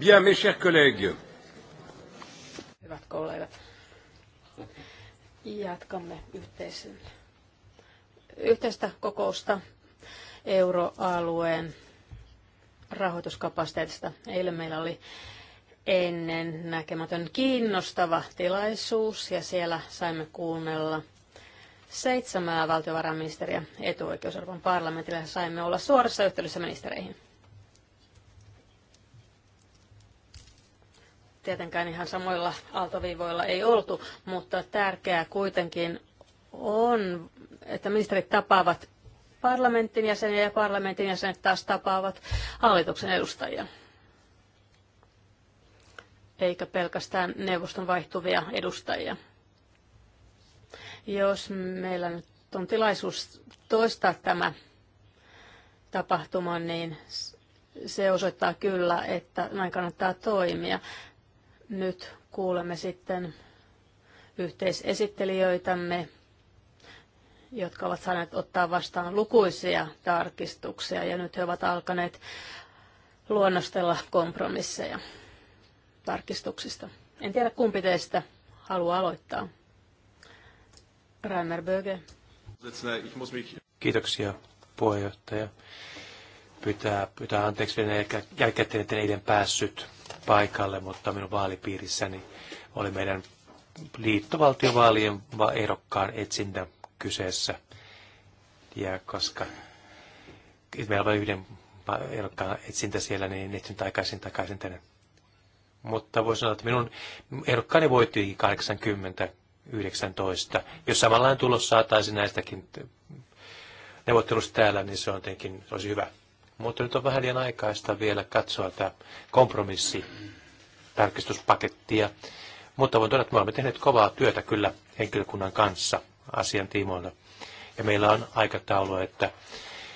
Bien, mes chers collègues. Hyvät kollegat, jatkamme yhteistä kokousta euroalueen rahoituskapasiteetista. Eilen meillä oli ennen näkemätön kiinnostava tilaisuus ja siellä saimme kuunnella seitsemää valtiovarainministeriä etuoikeusarvon parlamentille. Saimme olla suorassa yhteydessä ministereihin. Tietenkään ihan samoilla aaltoviivoilla ei oltu, mutta tärkeää kuitenkin on, että ministerit tapaavat parlamentin jäseniä ja parlamentin jäsenet taas tapaavat hallituksen edustajia. Eikä pelkästään neuvoston vaihtuvia edustajia. Jos meillä nyt on tilaisuus toistaa tämä tapahtuma, niin se osoittaa kyllä, että näin kannattaa toimia. Nyt kuulemme sitten yhteisesittelijöitämme, jotka ovat saaneet ottaa vastaan lukuisia tarkistuksia ja nyt he ovat alkaneet luonnostella kompromisseja tarkistuksista. En tiedä kumpi teistä haluaa aloittaa. Reimer Böge. Kiitoksia puheenjohtaja. Pyytää, pyytää anteeksi vielä jälkikäteen, että eilen päässyt paikalle, mutta minun vaalipiirissäni oli meidän liittovaltiovaalien ehdokkaan etsintä kyseessä. Ja koska meillä oli yhden ehdokkaan etsintä siellä, niin etsin takaisin takaisin tänne. Mutta voisin sanoa, että minun ehdokkaani voitti 80-19. Jos samanlainen tulos saataisiin näistäkin neuvottelusta täällä, niin se on tietenkin, olisi hyvä. Mutta nyt on vähän liian aikaista vielä katsoa tämä tarkistuspakettia, Mutta voin todeta, että me olemme tehneet kovaa työtä kyllä henkilökunnan kanssa asian tiimoilta. Ja meillä on aikataulu, että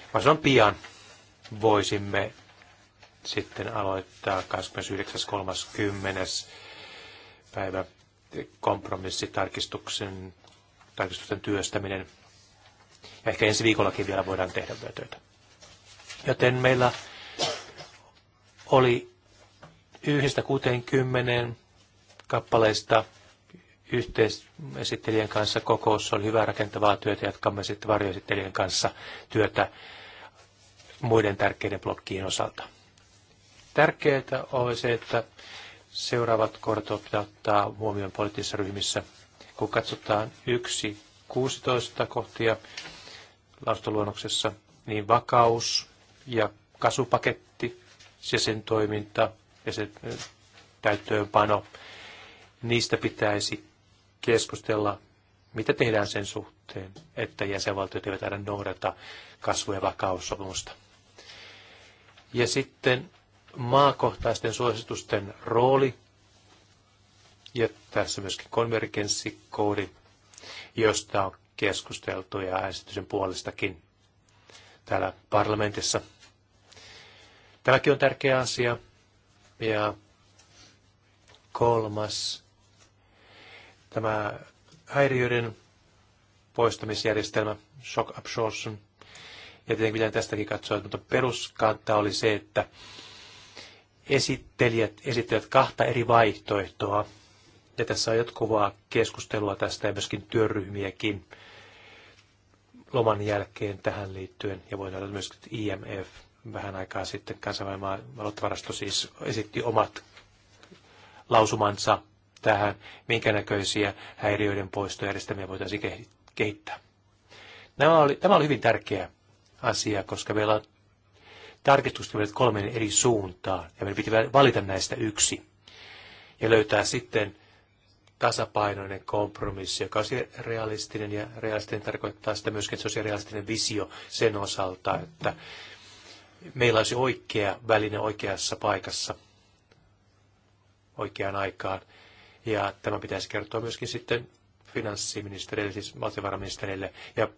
mahdollisimman pian voisimme sitten aloittaa 29.30. päivä kompromissitarkistuksen tarkistusten työstäminen. Ja ehkä ensi viikollakin vielä voidaan tehdä vielä töitä. Joten meillä oli yhdestä 60 kappaleista yhteisesittelijän kanssa kokous. oli hyvää rakentavaa työtä. Jatkamme sitten varjoesittelijän kanssa työtä muiden tärkeiden blokkien osalta. Tärkeää on se, että seuraavat kortot pitää ottaa huomioon poliittisissa ryhmissä. Kun katsotaan yksi 16 kohtia lausuntoluonnoksessa, niin vakaus, ja kasupaketti ja sen toiminta ja se täyttöönpano, niistä pitäisi keskustella, mitä tehdään sen suhteen, että jäsenvaltiot eivät aina noudata kasvu- ja vakaussopimusta. Ja sitten maakohtaisten suositusten rooli, ja tässä myöskin konvergenssikoodi, josta on keskusteltu ja äänestyksen puolestakin täällä parlamentissa – Tämäkin on tärkeä asia. Ja kolmas, tämä häiriöiden poistamisjärjestelmä, shock absorption. Ja tietenkin pitää tästäkin katsoa, mutta peruskanta oli se, että esittelijät esittelevät kahta eri vaihtoehtoa. Ja tässä on jatkuvaa keskustelua tästä ja myöskin työryhmiäkin loman jälkeen tähän liittyen. Ja voidaan myöskin IMF vähän aikaa sitten kansainvälinen valuuttavarasto siis esitti omat lausumansa tähän, minkä näköisiä häiriöiden poistojärjestelmiä voitaisiin kehittää. Nämä oli, tämä oli hyvin tärkeä asia, koska meillä on tarkistukset kolmeen eri suuntaan, ja meidän piti valita näistä yksi ja löytää sitten tasapainoinen kompromissi, joka on realistinen, ja realistinen tarkoittaa sitä myöskin, että se on realistinen visio sen osalta, että meillä olisi oikea väline oikeassa paikassa oikeaan aikaan. Ja tämä pitäisi kertoa myöskin sitten finanssiministerille, siis valtiovarainministerille. Ja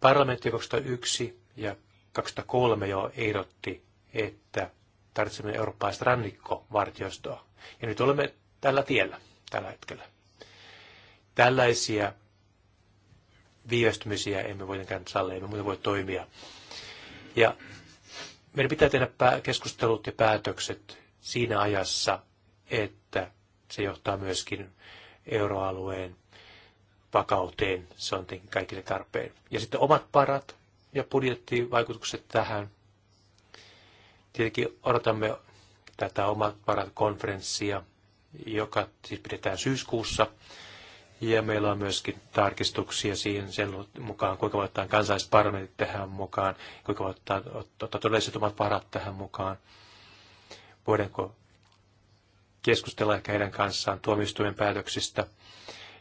parlamentti 2001 ja 2003 jo ehdotti, että tarvitsemme eurooppalaista rannikkovartiostoa. Ja nyt olemme tällä tiellä tällä hetkellä. Tällaisia viivästymisiä emme voi sallia, emme muuten voi toimia. Ja meidän pitää tehdä keskustelut ja päätökset siinä ajassa, että se johtaa myöskin euroalueen vakauteen. Se on tietenkin kaikille tarpeen. Ja sitten omat parat ja budjettivaikutukset tähän. Tietenkin odotamme tätä omat parat konferenssia, joka siis pidetään syyskuussa. Ja meillä on myöskin tarkistuksia siihen sen mukaan, kuinka voi ottaa kansallisparlamentit tähän mukaan, kuinka voi ottaa, ottaa todelliset omat varat tähän mukaan. Voidaanko keskustella ehkä heidän kanssaan tuomioistuimen päätöksistä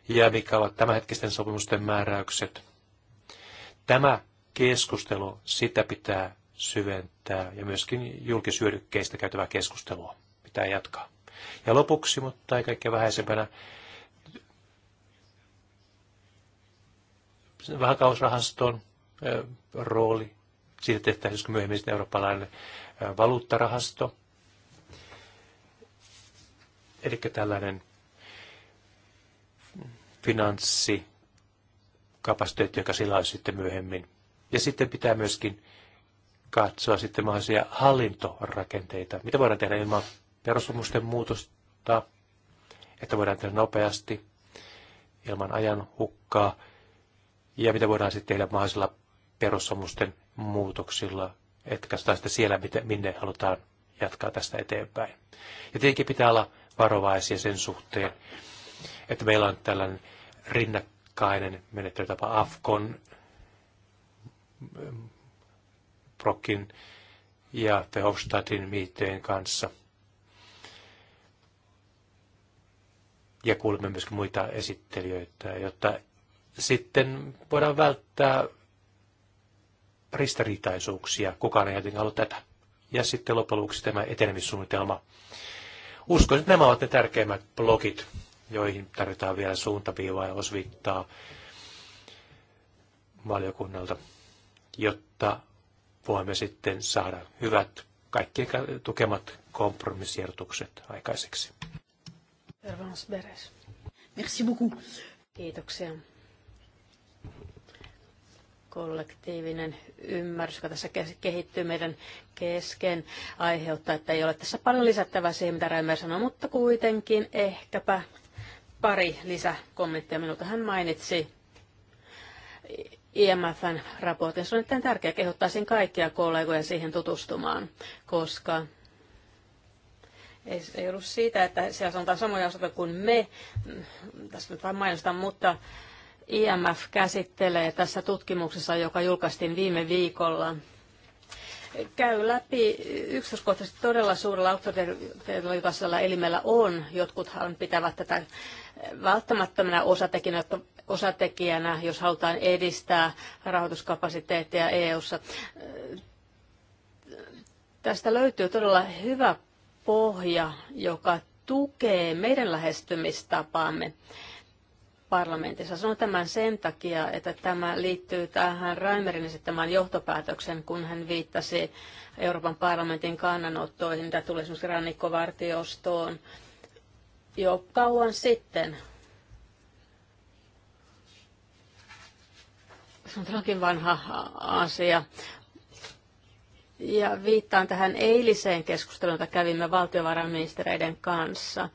ja mikä ovat tämänhetkisten sopimusten määräykset. Tämä keskustelu, sitä pitää syventää ja myöskin julkisyödykkeistä käytävää keskustelua pitää jatkaa. Ja lopuksi, mutta ei kaikkein vähäisempänä, vakausrahaston rooli. Siitä tehtäisiin myöhemmin eurooppalainen valuuttarahasto. Eli tällainen finanssikapasiteetti, joka sillä olisi sitten myöhemmin. Ja sitten pitää myöskin katsoa sitten mahdollisia hallintorakenteita. Mitä voidaan tehdä ilman perussopimusten muutosta, että voidaan tehdä nopeasti ilman ajan hukkaa ja mitä voidaan sitten tehdä mahdollisilla perussomusten muutoksilla, että katsotaan sitten siellä, minne halutaan jatkaa tästä eteenpäin. Ja tietenkin pitää olla varovaisia sen suhteen, että meillä on tällainen rinnakkainen menettelytapa Afkon, Prokin ja Verhofstadtin miitteen kanssa. Ja kuulemme myöskin muita esittelijöitä, jotta sitten voidaan välttää ristiriitaisuuksia. Kukaan ei jotenkin halua tätä. Ja sitten loppujen lopuksi tämä etenemissuunnitelma. Uskoisin, että nämä ovat ne tärkeimmät blogit, joihin tarvitaan vielä suuntaviivaa ja osvittaa valiokunnalta, jotta voimme sitten saada hyvät kaikkien tukemat kompromissiertukset aikaiseksi. Merci beaucoup. Kiitoksia kollektiivinen ymmärrys, joka tässä kehittyy meidän kesken, aiheuttaa, että ei ole tässä paljon lisättävää siihen, mitä Reimer sanoi, mutta kuitenkin ehkäpä pari lisäkommenttia. Minulta hän mainitsi IMFn raportin. Se on erittäin tärkeää. sen kaikkia kollegoja siihen tutustumaan, koska ei, ei ollut siitä, että siellä sanotaan samoja asioita kuin me. Tässä nyt vain mainostan, mutta IMF käsittelee tässä tutkimuksessa, joka julkaistiin viime viikolla, käy läpi yksityiskohtaisesti todella suurella auktoriteetilla, joka elimellä on. Jotkuthan pitävät tätä välttämättömänä osatekijänä, osatekijänä jos halutaan edistää rahoituskapasiteettia EU-ssa. Tästä löytyy todella hyvä pohja, joka tukee meidän lähestymistapaamme parlamentissa. Sanon tämän sen takia, että tämä liittyy tähän Raimerin esittämään johtopäätöksen, kun hän viittasi Euroopan parlamentin kannanottoihin, mitä tuli esimerkiksi rannikkovartiostoon jo kauan sitten. Se on todellakin vanha asia. Ja viittaan tähän eiliseen keskusteluun, jota kävimme valtiovarainministereiden kanssa.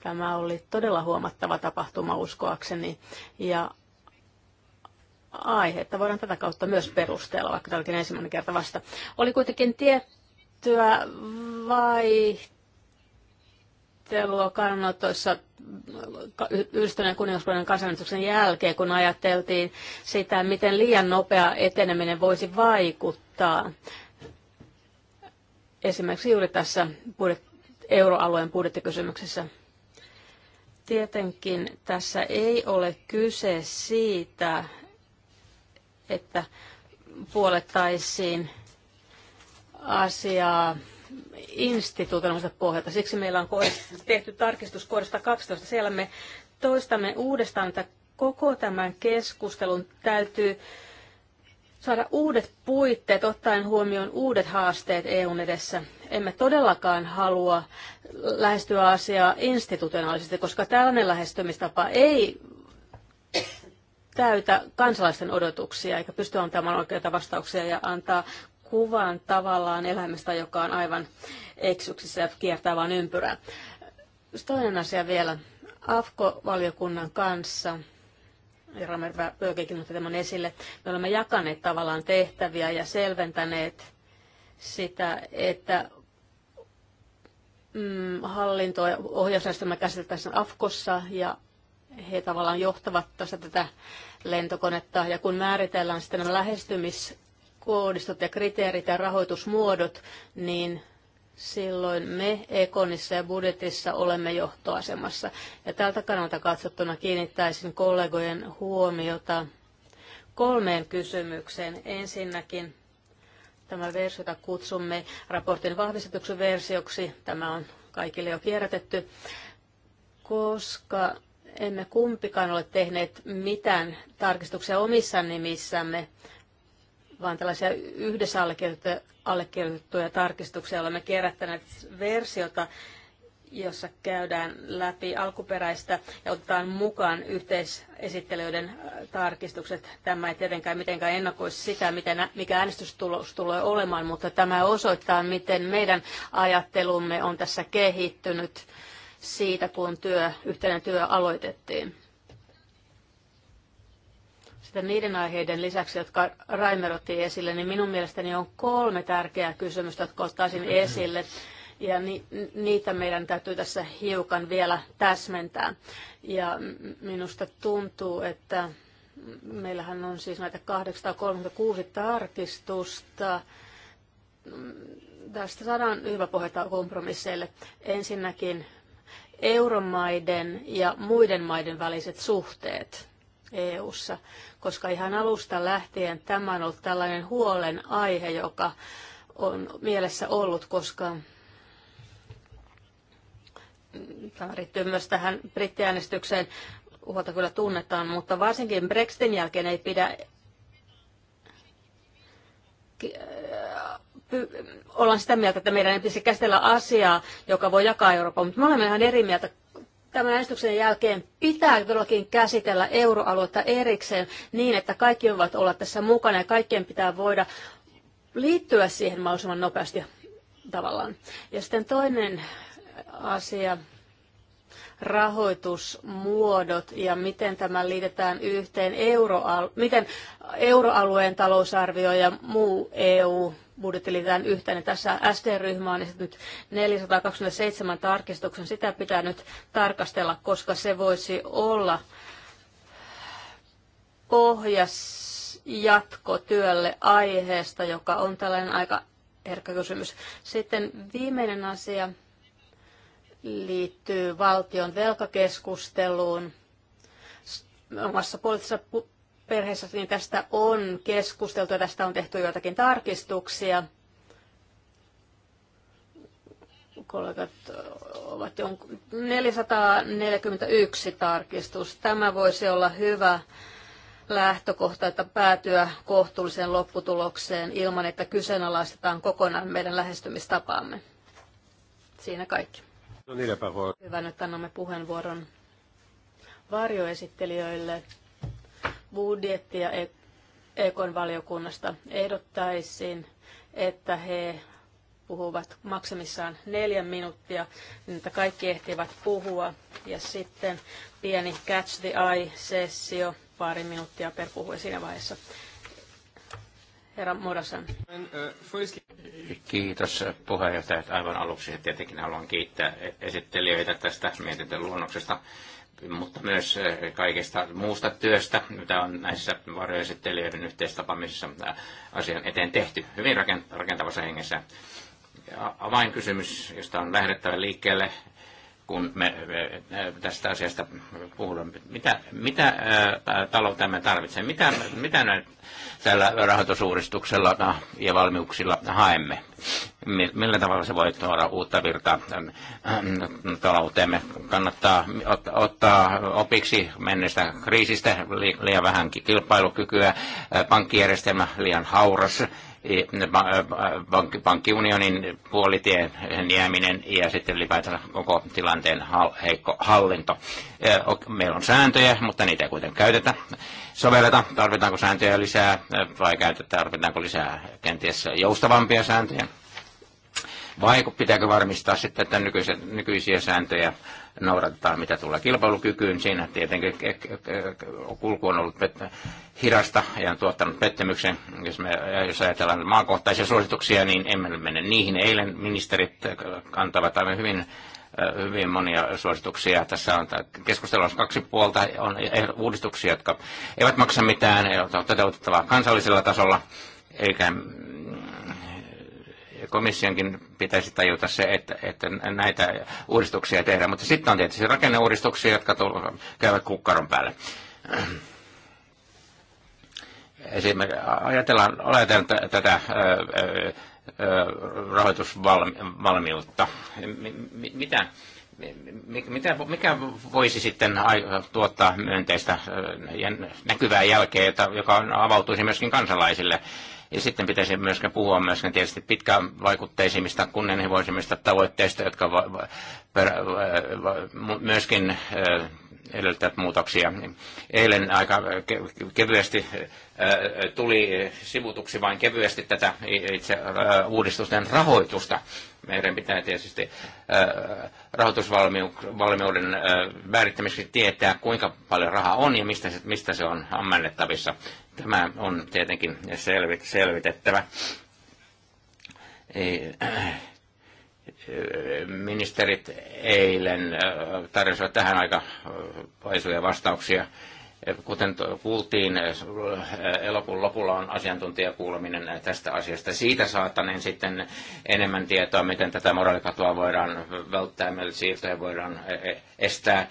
Tämä oli todella huomattava tapahtuma uskoakseni ja aihetta voidaan tätä kautta myös perustella, vaikka tämä olikin ensimmäinen kerta vasta. Oli kuitenkin tiettyä vaihtelua kannanotoissa yhdistyneen kuningaskunnan kansanäänestyksen jälkeen, kun ajateltiin sitä, miten liian nopea eteneminen voisi vaikuttaa esimerkiksi juuri tässä budjet- euroalueen budjettikysymyksessä. Tietenkin tässä ei ole kyse siitä, että puolettaisiin asiaa instituutioista pohjalta. Siksi meillä on tehty tarkistus kohdasta 12. Siellä me toistamme uudestaan, että koko tämän keskustelun täytyy saada uudet puitteet ottaen huomioon uudet haasteet EUn edessä. Emme todellakaan halua lähestyä asiaa institutionaalisesti, koska tällainen lähestymistapa ei täytä kansalaisten odotuksia eikä pysty antamaan oikeita vastauksia ja antaa kuvan tavallaan elämästä, joka on aivan eksyksissä ja kiertää vain ympyrää. Toinen asia vielä. AFKO-valiokunnan kanssa ja Ramer Bögekin otti tämän esille, me olemme jakaneet tavallaan tehtäviä ja selventäneet sitä, että mm, hallinto- ja ohjausjärjestelmä käsitellään AFKossa ja he tavallaan johtavat tässä tätä lentokonetta. Ja kun määritellään sitten nämä lähestymiskoodistot ja kriteerit ja rahoitusmuodot, niin silloin me Ekonissa ja budjetissa olemme johtoasemassa. Ja tältä kannalta katsottuna kiinnittäisin kollegojen huomiota kolmeen kysymykseen. Ensinnäkin tämä versio, jota kutsumme raportin vahvistetuksi versioksi, tämä on kaikille jo kierrätetty, koska emme kumpikaan ole tehneet mitään tarkistuksia omissa nimissämme vaan tällaisia yhdessä allekirjoitettuja, allekirjoitettuja tarkistuksia. Olemme kerättäneet versiota, jossa käydään läpi alkuperäistä ja otetaan mukaan yhteisesittelijöiden äh, tarkistukset. Tämä ei tietenkään mitenkään ennakoisi sitä, miten, mikä äänestystulos tulee olemaan, mutta tämä osoittaa, miten meidän ajattelumme on tässä kehittynyt siitä, kun työ, yhteinen työ aloitettiin sitten niiden aiheiden lisäksi, jotka Raimer otti esille, niin minun mielestäni on kolme tärkeää kysymystä, jotka ottaisin esille. Ja ni, niitä meidän täytyy tässä hiukan vielä täsmentää. Ja minusta tuntuu, että meillähän on siis näitä 836 tarkistusta. Tästä saadaan hyvä pohjata kompromisseille. Ensinnäkin euromaiden ja muiden maiden väliset suhteet. EU-ssa, koska ihan alusta lähtien tämä on ollut tällainen huolen aihe, joka on mielessä ollut, koska tämä liittyy myös tähän brittiäänestykseen, huolta kyllä tunnetaan, mutta varsinkin Brexitin jälkeen ei pidä ollaan sitä mieltä, että meidän ei pitäisi käsitellä asiaa, joka voi jakaa Euroopan, mutta me olemme ihan eri mieltä Tämän äänestyksen jälkeen pitää todellakin käsitellä euroaluetta erikseen niin, että kaikki voivat olla tässä mukana ja kaikkien pitää voida liittyä siihen mahdollisimman nopeasti tavallaan. Ja sitten toinen asia, rahoitusmuodot ja miten tämä liitetään yhteen euroal- miten euroalueen talousarvio ja muu EU budjetti yhtä, niin tässä ST-ryhmä on esittänyt 427 tarkistuksen. Sitä pitää nyt tarkastella, koska se voisi olla pohjas jatkotyölle aiheesta, joka on tällainen aika herkkä kysymys. Sitten viimeinen asia liittyy valtion velkakeskusteluun. Omassa poliittisessa perheessä, niin tästä on keskusteltu ja tästä on tehty joitakin tarkistuksia. Kollegat ovat jo 441 tarkistus. Tämä voisi olla hyvä lähtökohta, että päätyä kohtuulliseen lopputulokseen ilman, että kyseenalaistetaan kokonaan meidän lähestymistapaamme. Siinä kaikki. No niin, Hyvä, nyt annamme puheenvuoron varjoesittelijöille ja e- ekon valiokunnasta. Ehdottaisin, että he puhuvat maksimissaan neljä minuuttia, niin että kaikki ehtivät puhua. Ja sitten pieni catch the eye-sessio, pari minuuttia per puhuja siinä vaiheessa. Herra Modasan. Kiitos puheenjohtaja. Aivan aluksi tietenkin haluan kiittää esittelijöitä tästä mietintöluonnoksesta. luonnoksesta mutta myös eh, kaikesta muusta työstä, mitä on näissä varjoesittelijöiden yhteistapaamisissa asian eteen tehty hyvin rakentavassa hengessä. Ja avainkysymys, josta on lähdettävä liikkeelle, kun me tästä asiasta puhumme. Mitä, mitä me tarvitsee? Mitä, mitä me tällä rahoitusuudistuksella ja valmiuksilla haemme? Millä tavalla se voi tuoda uutta virtaa talouteemme? Kannattaa ottaa opiksi menneestä kriisistä liian vähän kilpailukykyä, pankkijärjestelmä liian hauras, pankkiunionin puolitien nieminen ja sitten ylipäätään koko tilanteen heikko hallinto. Meillä on sääntöjä, mutta niitä ei kuitenkaan käytetä, sovelleta. Tarvitaanko sääntöjä lisää vai käytetään, tarvitaanko lisää kenties joustavampia sääntöjä? vai pitääkö varmistaa sitten, että nykyisiä, nykyisiä sääntöjä noudatetaan, mitä tulee kilpailukykyyn. Siinä tietenkin eh, eh, eh, kulku on ollut hirasta ja on tuottanut pettymyksen. Jos, me, jos ajatellaan maakohtaisia suosituksia, niin emme mene niihin. Eilen ministerit kantavat aivan hyvin hyvin monia suosituksia. Tässä on keskustelussa kaksi puolta, on uudistuksia, jotka eivät maksa mitään, ei ole toteutettavaa kansallisella tasolla, eikä komissionkin pitäisi tajuta se, että, että näitä uudistuksia tehdään. Mutta sitten on tietysti rakenneuudistuksia, jotka tulla, käyvät kukkaron päälle. Esimerkiksi ajatellaan, ajatellaan tätä rahoitusvalmiutta. Mitä, mitä, mikä voisi sitten tuottaa myönteistä näkyvää jälkeä, joka avautuisi myöskin kansalaisille? Ja sitten pitäisi myöskin puhua myöskin tietysti pitkävaikutteisimmista, kunnianhimoisimmista tavoitteista, jotka va- va- va- myöskin edellyttävät muutoksia. Eilen aika kevyesti tuli sivutuksi vain kevyesti tätä itse uudistusten rahoitusta meidän pitää tietysti rahoitusvalmiuden määrittämiseksi tietää, kuinka paljon rahaa on ja mistä se, mistä se on ammennettavissa. Tämä on tietenkin selvit, selvitettävä. Ministerit eilen tarjosivat tähän aika paisuja vastauksia Kuten kuultiin, eh, elokuun lopulla on asiantuntijakuuleminen tästä asiasta. Siitä saataneen sitten enemmän tietoa, miten tätä moraalikatoa voidaan välttää, millä siirtoja voidaan eh, eh, estää.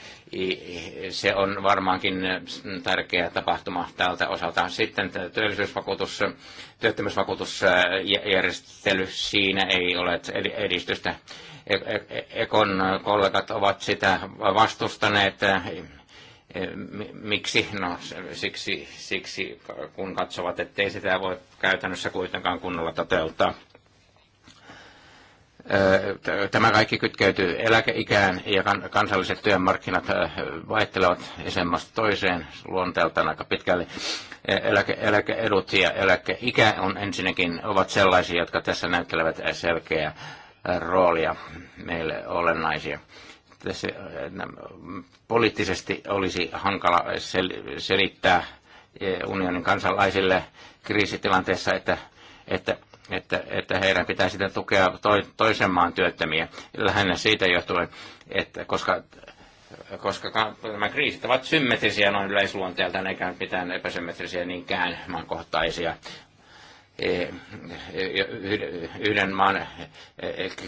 Se on varmaankin mm, tärkeä tapahtuma tältä osalta. Sitten työllisyysvakuutus, työttömyysvakuutusjärjestely, siinä ei ole edistystä. E-, e-, e-, Ekon kollegat ovat sitä vastustaneet Miksi? No siksi, siksi, kun katsovat, ettei sitä voi käytännössä kuitenkaan kunnolla toteuttaa. Tämä kaikki kytkeytyy eläkeikään ja kansalliset työmarkkinat vaihtelevat jäsenmaasta toiseen luonteeltaan aika pitkälle. E, eläke, eläkeedut ja eläkeikä on ensinnäkin ovat sellaisia, jotka tässä näyttelevät selkeää roolia meille olennaisia se, poliittisesti olisi hankala sel- selittää e, unionin kansalaisille kriisitilanteessa, että, että että, että heidän pitää sitten tukea to, toisen maan työttömiä. Lähinnä siitä johtuen, että koska, koska nämä kriisit ovat symmetrisiä noin yleisluonteeltaan, eikä mitään epäsymmetrisiä niinkään maankohtaisia. Eh, eh, eh, yhden maan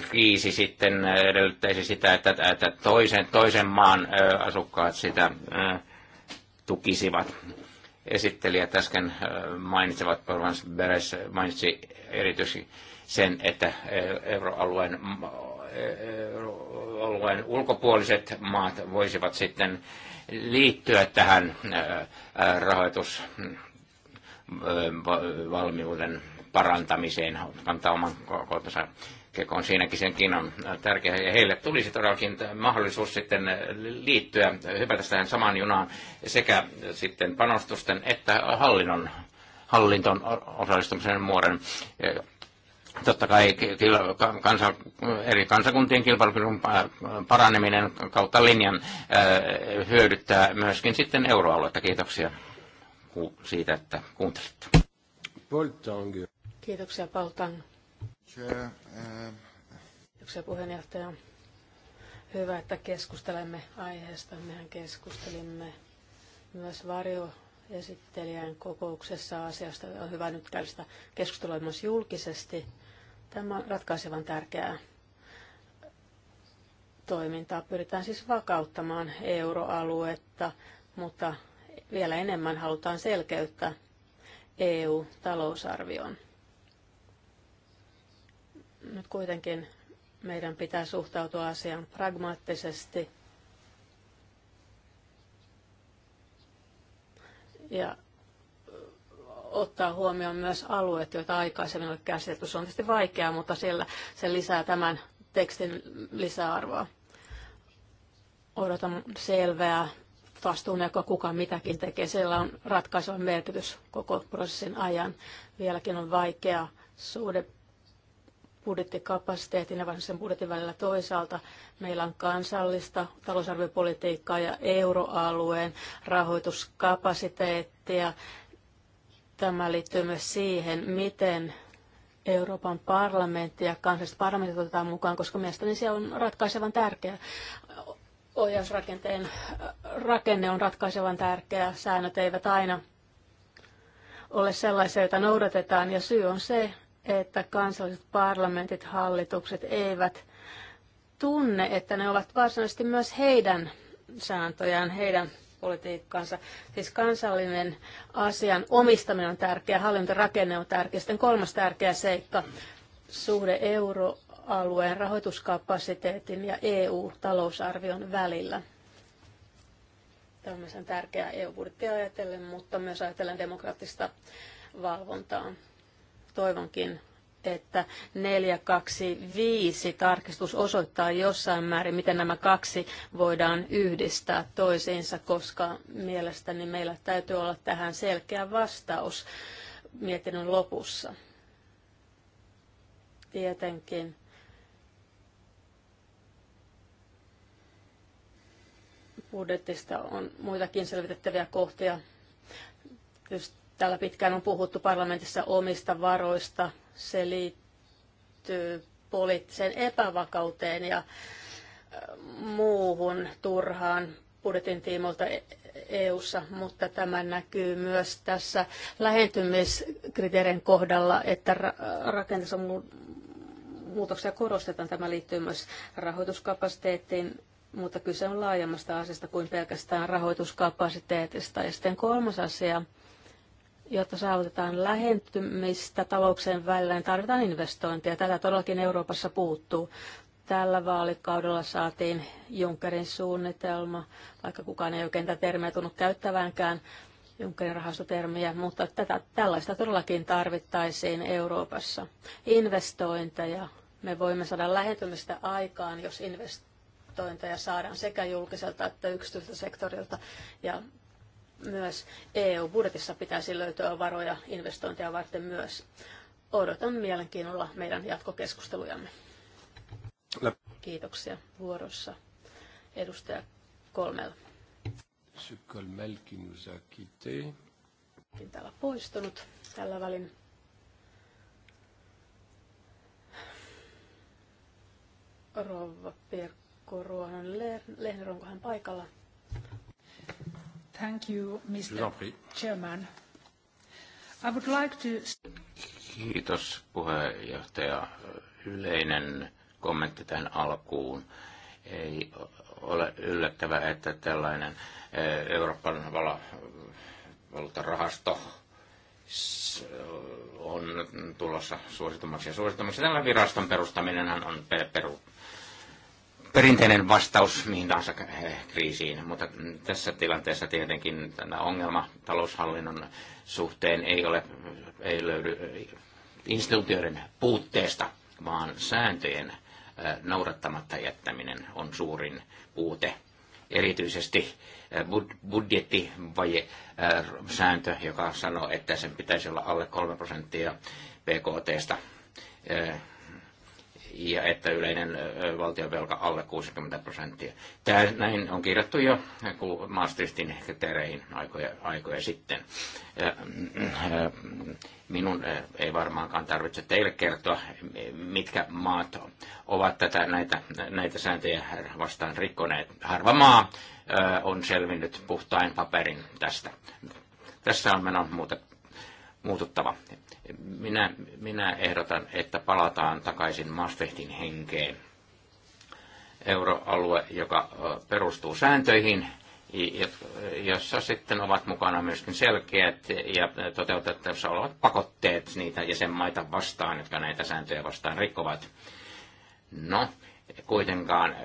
kriisi sitten edellyttäisi sitä, että, että toisen, toisen maan asukkaat sitä tukisivat. Esittelijät äsken mainitsevat, Provence Beres mainitsi erityisesti sen, että euroalueen alueen ulkopuoliset maat voisivat sitten liittyä tähän rahoitus valmiuden parantamiseen, kantaa oman kohtansa kekoon siinäkin senkin on tärkeää. Ja heille tulisi todellakin mahdollisuus sitten liittyä, hypätä tähän samaan junaan sekä sitten panostusten että hallinnon, hallinton osallistumisen muodon. Totta kai kansa, eri kansakuntien kilpailukyvyn paraneminen kautta linjan hyödyttää myöskin sitten euroaluetta. Kiitoksia siitä, että kuuntelitte. Paul Tang. Kiitoksia Paul Tang. Eh, Kiitoksia puheenjohtaja. Hyvä, että keskustelemme aiheesta. Mehän keskustelimme myös varjoesittelijän kokouksessa asiasta. On hyvä nyt käydä sitä keskustelua myös julkisesti. Tämä on ratkaisevan tärkeää toimintaa. Pyritään siis vakauttamaan euroaluetta, mutta vielä enemmän halutaan selkeyttä EU-talousarvioon. Nyt kuitenkin meidän pitää suhtautua asiaan pragmaattisesti ja ottaa huomioon myös alueet, joita aikaisemmin oli käsitelty. Se on tietysti vaikeaa, mutta siellä se lisää tämän tekstin lisäarvoa. Odotan selvää vastuunjako, kuka mitäkin tekee. Sillä on ratkaiseva merkitys koko prosessin ajan. Vieläkin on vaikea suhde budjettikapasiteetin ja varsinaisen budjetin välillä toisaalta. Meillä on kansallista talousarviopolitiikkaa ja euroalueen rahoituskapasiteettia. Tämä liittyy myös siihen, miten Euroopan parlamentti ja kansalliset parlamentit otetaan mukaan, koska mielestäni se on ratkaisevan tärkeä ohjausrakenteen äh, rakenne on ratkaisevan tärkeä. Säännöt eivät aina ole sellaisia, joita noudatetaan, ja syy on se, että kansalliset parlamentit, hallitukset eivät tunne, että ne ovat varsinaisesti myös heidän sääntöjään, heidän politiikkaansa. Siis kansallinen asian omistaminen on tärkeä, hallintorakenne on tärkeä. Sitten kolmas tärkeä seikka, suhde euro euroalueen rahoituskapasiteetin ja EU-talousarvion välillä. Tämä on tärkeää EU-budjettia ajatellen, mutta myös ajatellen demokraattista valvontaa. Toivonkin, että 425 tarkistus osoittaa jossain määrin, miten nämä kaksi voidaan yhdistää toisiinsa, koska mielestäni meillä täytyy olla tähän selkeä vastaus mietinnön lopussa. Tietenkin budjetista on muitakin selvitettäviä kohtia. Tietysti täällä pitkään on puhuttu parlamentissa omista varoista. Se liittyy poliittiseen epävakauteen ja äh, muuhun turhaan budjetin tiimoilta EU:ssa, e-, e-, e-, mutta tämä näkyy myös tässä lähentymiskriteerien kohdalla, että rakenteessa muutoksia korostetaan. Tämä liittyy myös rahoituskapasiteettiin mutta kyse on laajemmasta asiasta kuin pelkästään rahoituskapasiteetista. Ja sitten kolmas asia, jotta saavutetaan lähentymistä talouksien välillä, niin tarvitaan investointia. Tätä todellakin Euroopassa puuttuu. Tällä vaalikaudella saatiin Junckerin suunnitelma, vaikka kukaan ei oikein tätä termiä tunnu käyttävänkään, Junckerin rahastotermiä, mutta tätä, tällaista todellakin tarvittaisiin Euroopassa. Investointeja. Me voimme saada lähentymistä aikaan, jos investointeja investointeja saadaan sekä julkiselta että yksityiseltä sektorilta. Ja myös EU-budjetissa pitäisi löytyä varoja investointeja varten myös. Odotan mielenkiinnolla meidän jatkokeskustelujamme. Kiitoksia vuorossa. Edustaja Kolmel. Monsieur Colmel qui Täällä poistunut tällä välin. Rouva Pirkko. Ruohonen Lehner, onko hän paikalla? Thank you, Mr. Chairman. I would like to... Kiitos puheenjohtaja. Yleinen kommentti tähän alkuun. Ei ole yllättävää, että tällainen eh, Euroopan valuuttarahasto on tulossa suositumaksi ja suositumaksi. Tällä viraston perustaminen on peru, perinteinen vastaus mihin tahansa eh, kriisiin, mutta tässä tilanteessa tietenkin tämä ongelma taloushallinnon suhteen ei, ole, ei löydy eh, instituutioiden puutteesta, vaan sääntöjen eh, noudattamatta jättäminen on suurin puute. Erityisesti budjettivaje sääntö, joka sanoo, että sen pitäisi olla alle 3 prosenttia BKTstä ja että yleinen valtionvelka alle 60 prosenttia. Tämä näin on kirjattu jo Maastrichtin kriteereihin aikoja, aikoja sitten. Mm, minun ei varmaankaan tarvitse teille kertoa, mitkä maat ovat tätä, näitä, näitä sääntöjä vastaan rikkoneet. Harva maa on selvinnyt puhtain paperin tästä. Tässä on menon muuta, muututtava minä, minä ehdotan, että palataan takaisin Maastrichtin henkeen. Euroalue, joka perustuu sääntöihin, jossa sitten ovat mukana myöskin selkeät ja toteutettavissa olevat pakotteet niitä jäsenmaita vastaan, jotka näitä sääntöjä vastaan rikkovat. No, kuitenkaan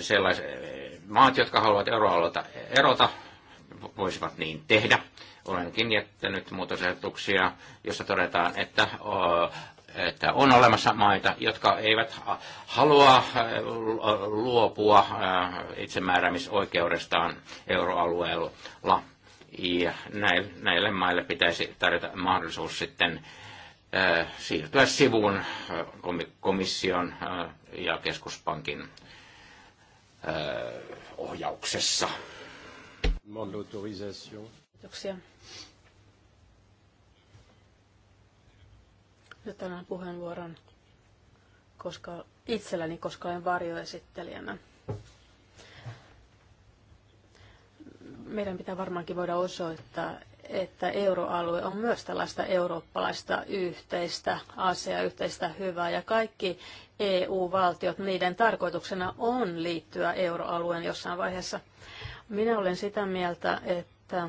sellaiset maat, jotka haluavat euroalueelta erota, voisivat niin tehdä Olenkin jättänyt muutosehdotuksia, jossa todetaan, että että on olemassa maita, jotka eivät halua luopua itsemääräämisoikeudestaan euroalueella. Ja näille maille pitäisi tarjota mahdollisuus sitten siirtyä sivuun komission ja keskuspankin ohjauksessa. Kiitoksia. Nyt annan puheenvuoron koska, itselläni, koska olen varjoesittelijänä. Meidän pitää varmaankin voida osoittaa, että euroalue on myös tällaista eurooppalaista yhteistä asiaa, yhteistä hyvää ja kaikki EU-valtiot, niiden tarkoituksena on liittyä euroalueen jossain vaiheessa. Minä olen sitä mieltä, että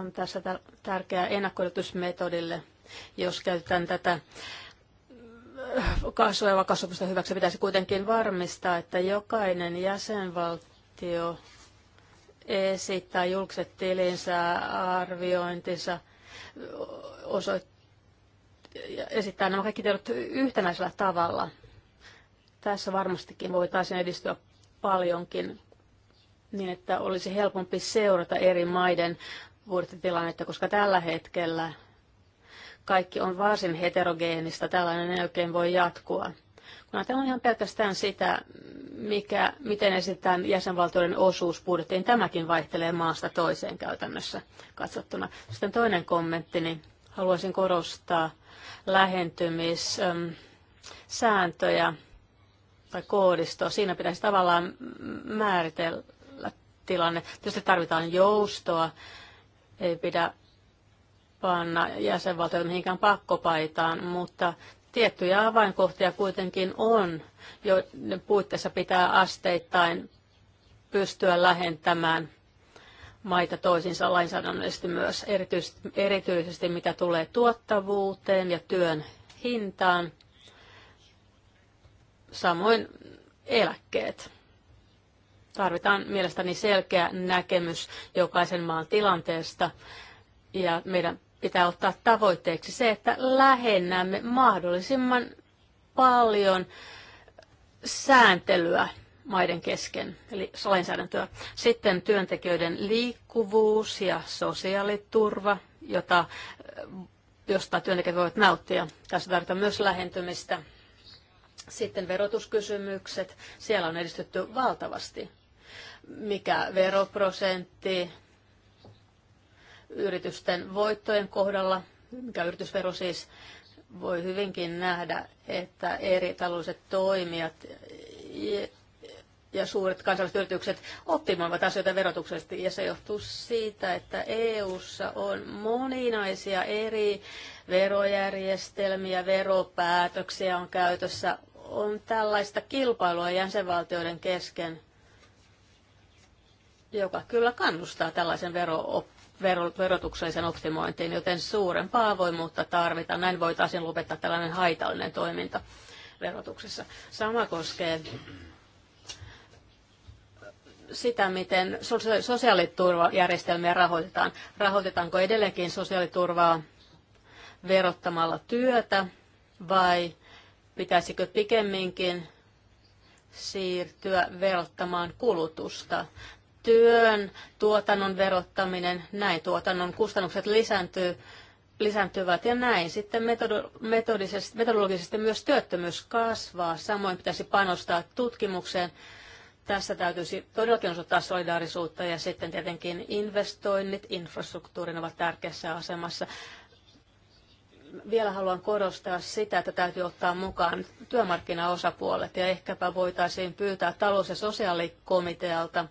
on tässä tärkeä ennakkoidotusmetodille, jos käytetään tätä ja kasvatusta hyväksi. Pitäisi kuitenkin varmistaa, että jokainen jäsenvaltio esittää julkiset tilinsä, arviointinsa, esittää nämä kaikki tiedot yhtenäisellä tavalla. Tässä varmastikin voitaisiin edistyä paljonkin niin, että olisi helpompi seurata eri maiden budjettitilannetta, koska tällä hetkellä kaikki on varsin heterogeenista, tällainen ei oikein voi jatkua. Kun ajatellaan ihan pelkästään sitä, mikä, miten esitetään jäsenvaltioiden osuus budjettiin, tämäkin vaihtelee maasta toiseen käytännössä katsottuna. Sitten toinen kommentti, niin haluaisin korostaa lähentymissääntöjä tai koodistoa. Siinä pitäisi tavallaan määritellä tilanne. Tietysti tarvitaan joustoa, ei pidä panna jäsenvaltioita mihinkään pakkopaitaan, mutta tiettyjä avainkohtia kuitenkin on, joiden puitteissa pitää asteittain pystyä lähentämään maita toisiinsa lainsäädännöllisesti myös, erityisesti, erityisesti mitä tulee tuottavuuteen ja työn hintaan, samoin eläkkeet. Tarvitaan mielestäni selkeä näkemys jokaisen maan tilanteesta ja meidän pitää ottaa tavoitteeksi se, että lähennämme mahdollisimman paljon sääntelyä maiden kesken, eli lainsäädäntöä. Sitten työntekijöiden liikkuvuus ja sosiaaliturva, jota, josta työntekijät voivat nauttia. Tässä tarvitaan myös lähentymistä. Sitten verotuskysymykset. Siellä on edistytty valtavasti mikä veroprosentti yritysten voittojen kohdalla, mikä yritysvero siis, voi hyvinkin nähdä, että eri taloudelliset toimijat ja suuret kansalliset yritykset optimoivat asioita verotuksellisesti, ja se johtuu siitä, että EU:ssa on moninaisia eri verojärjestelmiä, veropäätöksiä on käytössä, on tällaista kilpailua jäsenvaltioiden kesken – joka kyllä kannustaa tällaisen vero, vero, verotuksellisen optimointiin, joten suurempaa avoimuutta tarvitaan. Näin voitaisiin lopettaa tällainen haitallinen toiminta verotuksessa. Sama koskee sitä, miten sosiaaliturvajärjestelmiä rahoitetaan. Rahoitetaanko edelleenkin sosiaaliturvaa verottamalla työtä vai pitäisikö pikemminkin siirtyä verottamaan kulutusta työn tuotannon verottaminen, näin tuotannon kustannukset lisääntyy, lisääntyvät ja näin sitten metodologisesti myös työttömyys kasvaa. Samoin pitäisi panostaa tutkimukseen. Tässä täytyisi todellakin osoittaa solidaarisuutta ja sitten tietenkin investoinnit infrastruktuurin ovat tärkeässä asemassa vielä haluan korostaa sitä, että täytyy ottaa mukaan työmarkkinaosapuolet ja ehkäpä voitaisiin pyytää talous- ja sosiaalikomitealta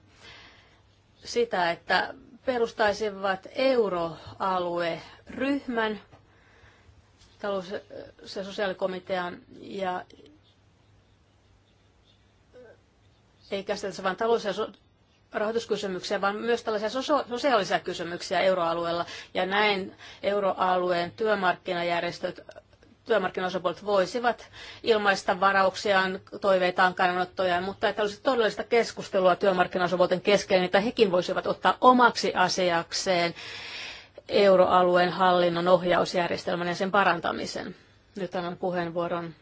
sitä, että perustaisivat euroalueryhmän talous- ja sosiaalikomitean ja ei käsitellä vain talous- ja so- rahoituskysymyksiä, vaan myös tällaisia sosiaalisia kysymyksiä euroalueella. Ja näin euroalueen työmarkkinajärjestöt työmarkkinaosapuolet voisivat ilmaista varauksiaan, toiveitaan, kannanottoja, mutta että olisi todellista keskustelua työmarkkinaosapuolten kesken, että hekin voisivat ottaa omaksi asiakseen euroalueen hallinnon ohjausjärjestelmän ja sen parantamisen. Nyt annan puheenvuoron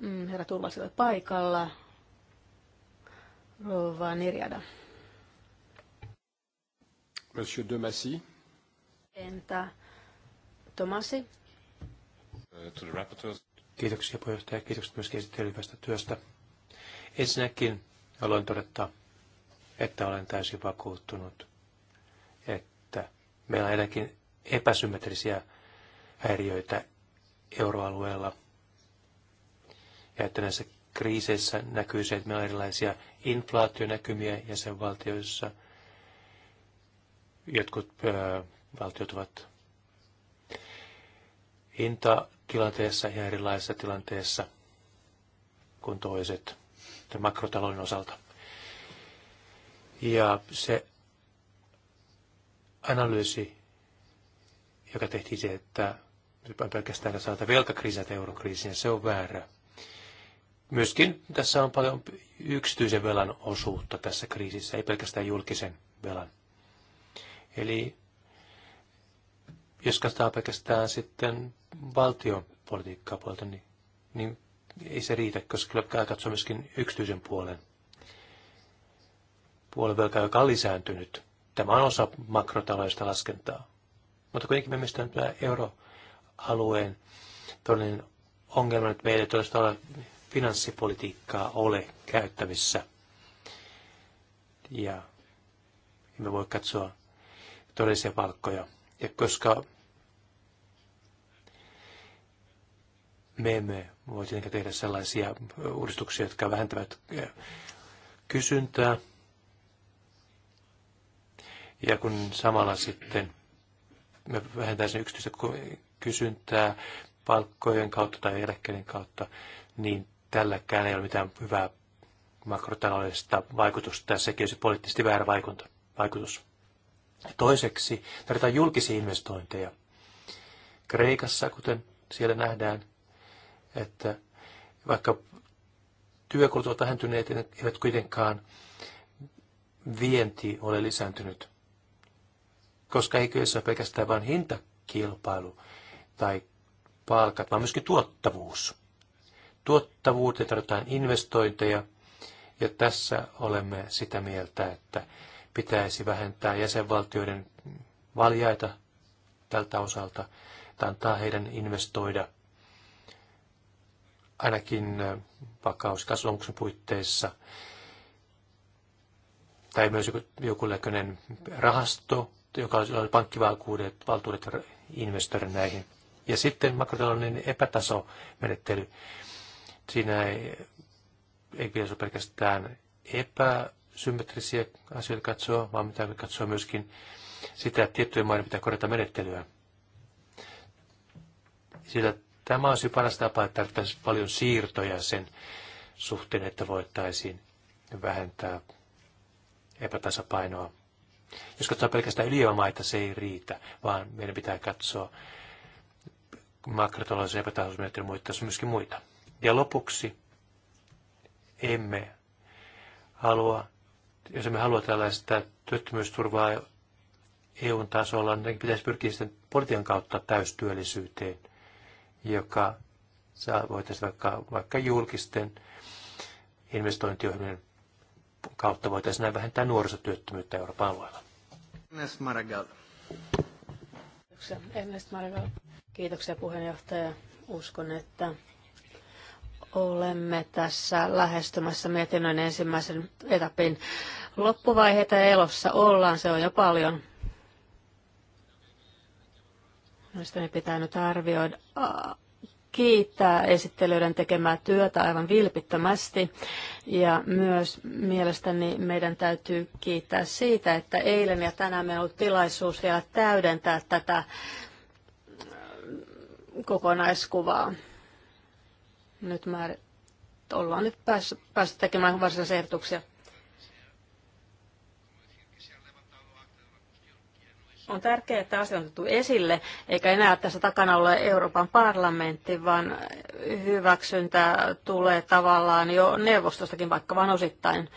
mm, herra Turvasille paikalla. Rouva Nirjada. Monsieur Demasi. Entä Tomasi? Kiitoksia puheenjohtaja, kiitokset myös hyvästä työstä. Ensinnäkin haluan todeta, että olen täysin vakuuttunut, että meillä on edelläkin epäsymmetrisiä häiriöitä euroalueella ja että näissä kriiseissä näkyy se, että meillä on erilaisia inflaationäkymiä jäsenvaltioissa. Jotkut ö, valtiot ovat hinta tilanteessa ja erilaisessa tilanteessa kuin toiset tämän makrotalouden osalta. Ja se analyysi, joka tehtiin se, että pelkästään saada velkakriisiä tai eurokriisiä, se on väärä. Myöskin tässä on paljon yksityisen velan osuutta tässä kriisissä, ei pelkästään julkisen velan. Eli jos katsotaan pelkästään sitten valtion politiikkaa puolta, niin, niin ei se riitä, koska kyllä pitää katsoa myöskin yksityisen puolen, puolen velkaa, joka on lisääntynyt. Tämä on osa makrotaloudellista laskentaa. Mutta kuitenkin me mielestäni tämä euroalueen todellinen ongelma, että meillä ei todellista ole finanssipolitiikkaa ole käyttävissä. Ja emme voi katsoa todellisia palkkoja ja koska me emme voi tietenkään tehdä sellaisia uudistuksia, jotka vähentävät eh, kysyntää, ja kun samalla sitten me vähentäisimme yksityistä kysyntää palkkojen kautta tai eläkkeiden kautta, niin tälläkään ei ole mitään hyvää makrotaloudellista vaikutusta. Sekin olisi poliittisesti väärä vaikutus. Toiseksi tarvitaan julkisia investointeja. Kreikassa, kuten siellä nähdään, että vaikka työkulut ovat vähentyneet, eivät kuitenkaan vienti ole lisääntynyt, koska ei kyseessä ole pelkästään vain hintakilpailu tai palkat, vaan myöskin tuottavuus. Tuottavuuteen tarvitaan investointeja, ja tässä olemme sitä mieltä, että pitäisi vähentää jäsenvaltioiden valjaita tältä osalta, että antaa heidän investoida ainakin vakauskasvamuksen puitteissa, tai myös joku, joku rahasto, joka olisi pankkivaltuudet valtuudet investoida näihin. Ja sitten makrotalouden epätasomenettely. Siinä ei, ei pitäisi pelkästään epä symmetrisiä asioita katsoa, vaan pitää katsoa myöskin sitä, että tiettyjen maiden pitää korjata menettelyä. Sillä tämä on se paras tapa, että tarvittaisiin paljon siirtoja sen suhteen, että voittaisiin vähentää epätasapainoa. Jos katsotaan pelkästään ylijäämämaita, se ei riitä, vaan meidän pitää katsoa makrotaloudellisen epätasaisuusmenettelyn muita, siis myöskin muita. Ja lopuksi emme halua jos me haluamme tällaista työttömyysturvaa eu tasolla, niin pitäisi pyrkiä sitten politiikan kautta täystyöllisyyteen, joka saa, voitaisiin vaikka, vaikka julkisten investointiohjelmien kautta voitaisiin näin vähentää nuorisotyöttömyyttä Euroopan alueella. Ernest Maragall. Kiitoksia, Ernest Maragall. Kiitoksia puheenjohtaja. Uskon, että Olemme tässä lähestymässä mietinnön ensimmäisen etapin loppuvaiheita elossa ollaan, se on jo paljon. Mielestäni pitää nyt arvioida, kiittää esittelyiden tekemää työtä aivan vilpittömästi. Ja myös mielestäni meidän täytyy kiittää siitä, että eilen ja tänään meillä on ollut tilaisuus vielä täydentää tätä kokonaiskuvaa. Nyt määr... ollaan nyt päässyt, päässyt tekemään varsinaisia ehdotuksia. On tärkeää, että asia on otettu esille, eikä enää tässä takana ole Euroopan parlamentti, vaan hyväksyntä tulee tavallaan jo neuvostostakin, vaikka vain osittain.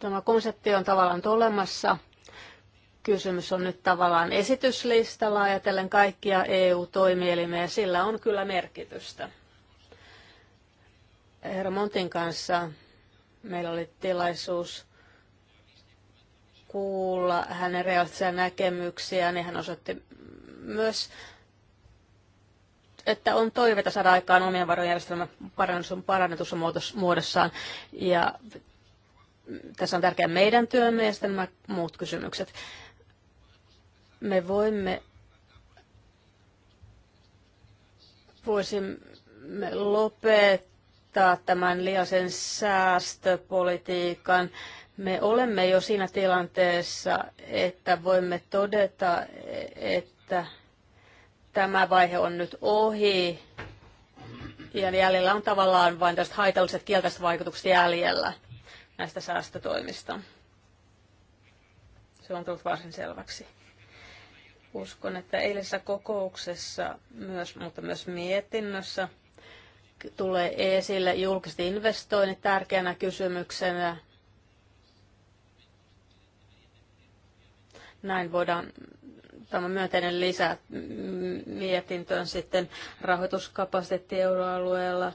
Tämä konsepti on tavallaan olemassa. Kysymys on nyt tavallaan esityslistalla ajatellen kaikkia EU-toimielimiä, sillä on kyllä merkitystä herra Montin kanssa meillä oli tilaisuus kuulla hänen realistisia näkemyksiään, niin hän osoitti myös, että on toiveita saada aikaan omien varojen järjestelmän parannetussa muodossaan. Ja tässä on tärkeää meidän työmme ja sitten nämä muut kysymykset. Me voimme voisimme lopettaa lopettaa tämän liiallisen säästöpolitiikan. Me olemme jo siinä tilanteessa, että voimme todeta, että tämä vaihe on nyt ohi ja jäljellä on tavallaan vain tästä haitalliset kielteiset vaikutukset jäljellä näistä säästötoimista. Se on tullut varsin selväksi. Uskon, että eilisessä kokouksessa myös, mutta myös mietinnössä tulee esille julkiset investoinnit tärkeänä kysymyksenä. Näin voidaan tämä myönteinen lisä mietintöön sitten rahoituskapasiteetti euroalueella.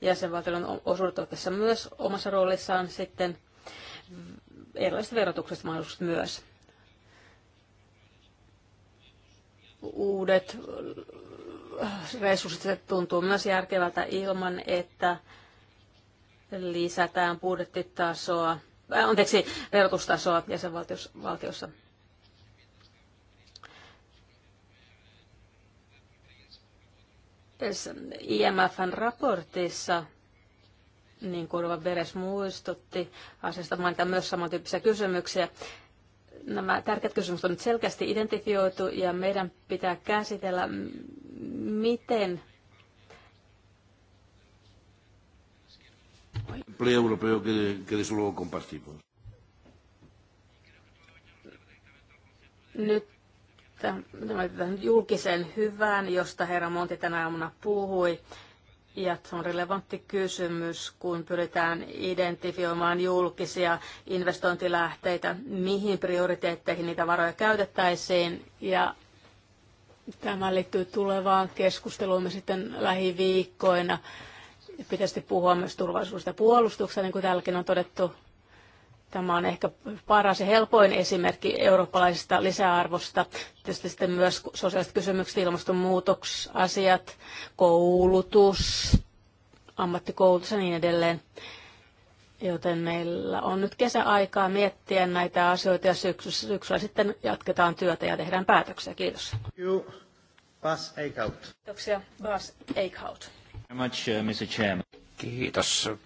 Jäsenvaltion osuudet ovat tässä myös omassa roolissaan sitten erilaisista verotuksesta mahdollisuudet myös. uudet resurssit tuntuu myös järkevältä ilman, että lisätään budjettitasoa, äh, anteeksi, verotustasoa jäsenvaltiossa. IMFn raportissa, niin kuin Beres muistutti, asiasta mainitaan myös samantyyppisiä kysymyksiä nämä tärkeät kysymykset on nyt selkeästi identifioitu ja meidän pitää käsitellä, miten Nyt tämän julkisen hyvän, josta herra Monti tänä aamuna puhui, ja se on relevantti kysymys, kun pyritään identifioimaan julkisia investointilähteitä, mihin prioriteetteihin niitä varoja käytettäisiin. Ja tämä liittyy tulevaan keskusteluun me sitten lähiviikkoina. Pitäisi puhua myös turvallisuudesta ja puolustuksesta, niin kuin täälläkin on todettu Tämä on ehkä paras ja helpoin esimerkki eurooppalaisesta lisäarvosta. Tietysti sitten myös sosiaaliset kysymykset, ilmastonmuutoksasiat, koulutus, ammattikoulutus ja niin edelleen. Joten meillä on nyt kesäaikaa miettiä näitä asioita ja syksyllä, syksyllä sitten jatketaan työtä ja tehdään päätöksiä. Kiitos. Kiitoksia. Bas Eichhout. Uh, Kiitos uh,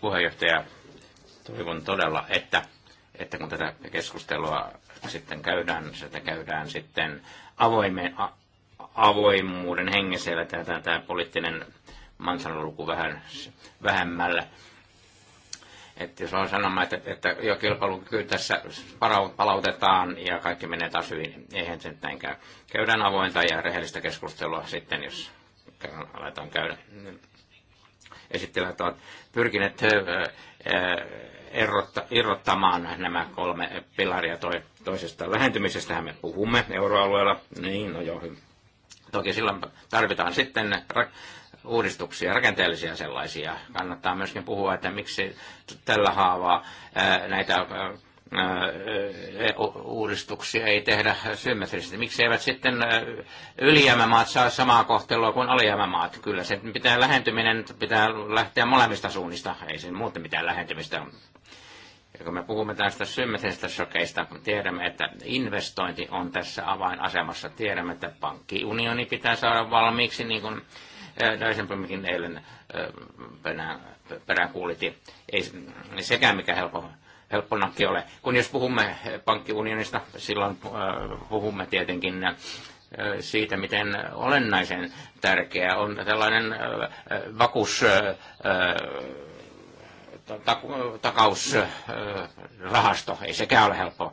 puheenjohtaja Toivon todella, että, että kun tätä keskustelua sitten käydään, sitä käydään sitten avoimen, a, avoimuuden hengessä, ja tämä, tämä poliittinen mansanluku vähän vähemmällä. Että jos on sanoma, että, että jo kilpailukyky tässä palautetaan ja kaikki menee taas hyvin, niin eihän se näin käy. Käydään avointa ja rehellistä keskustelua sitten, jos aletaan käydä. Esittelijät ovat pyrkineet erotta, eh, erottamaan nämä kolme pilaria toi, toisesta lähentymisestähän me puhumme euroalueella. Niin, no joo, toki silloin tarvitaan sitten uudistuksia, rakenteellisia sellaisia. Kannattaa myöskin puhua, että miksi tällä haavaa eh, näitä eh, E, uudistuksia ei tehdä symmetrisesti. Miksi eivät sitten ylijäämämaat saa samaa kohtelua kuin alijäämämaat? Kyllä se pitää lähentyminen pitää lähteä molemmista suunnista, ei sen muuten mitään lähentymistä. Ja kun me puhumme tästä symmetrisestä shokeista, tiedämme, että investointi on tässä avainasemassa. Tiedämme, että pankkiunioni pitää saada valmiiksi, niin kuin Dysenbrummikin eilen perään Ei sekään mikä helppo helpponakin ole. Kun jos puhumme pankkiunionista, silloin äh, puhumme tietenkin äh, siitä, miten olennaisen tärkeä on tällainen äh, vakuus takausrahasto. Ei sekään ole helppo,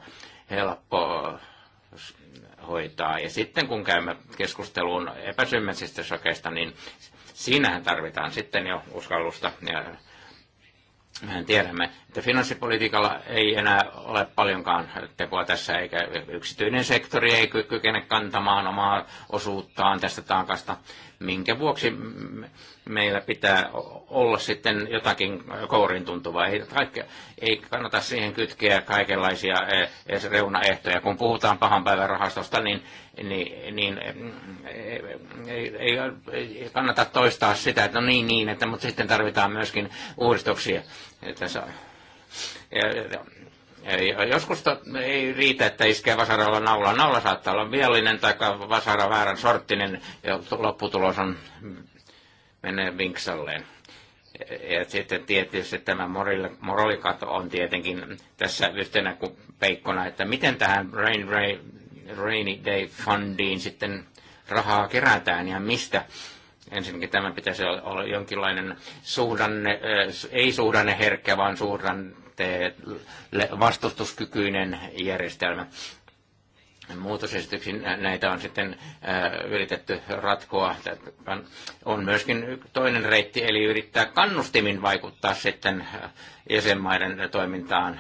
helppo hoitaa. Ja sitten kun käymme keskusteluun epäsymmäisistä sokeista, niin siinähän tarvitaan sitten jo uskallusta ja mehän tiedämme, että finanssipolitiikalla ei enää ole paljonkaan tekoa tässä, eikä yksityinen sektori ei kykene kantamaan omaa osuuttaan tästä taakasta minkä vuoksi meillä pitää olla sitten jotakin kourin tuntuvaa. Ei, kaikke, ei kannata siihen kytkeä kaikenlaisia e, reunaehtoja. Kun puhutaan pahan päivän rahastosta, niin, niin, niin ei, ei, ei, ei kannata toistaa sitä, että no niin, niin, että, mutta sitten tarvitaan myöskin uudistuksia. Tässä, ja, ja, joskus to, ei riitä, että iskee vasaralla naulaa. Naula saattaa olla viallinen tai vasara väärän sorttinen ja lopputulos on, mm, menee vinksalleen. Ja sitten tietysti tämä moraalikato on tietenkin tässä yhtenä kuin peikkona, että miten tähän Rain, Rain, Rainy Day Fundiin sitten rahaa kerätään ja mistä. Ensinnäkin tämä pitäisi olla jonkinlainen suhdanne, ei suhdanne herkkä, vaan suhdanne vastustuskykyinen järjestelmä. muutosesityksiin näitä on sitten äh, yritetty ratkoa. On myöskin toinen reitti, eli yrittää kannustimin vaikuttaa sitten äh, jäsenmaiden toimintaan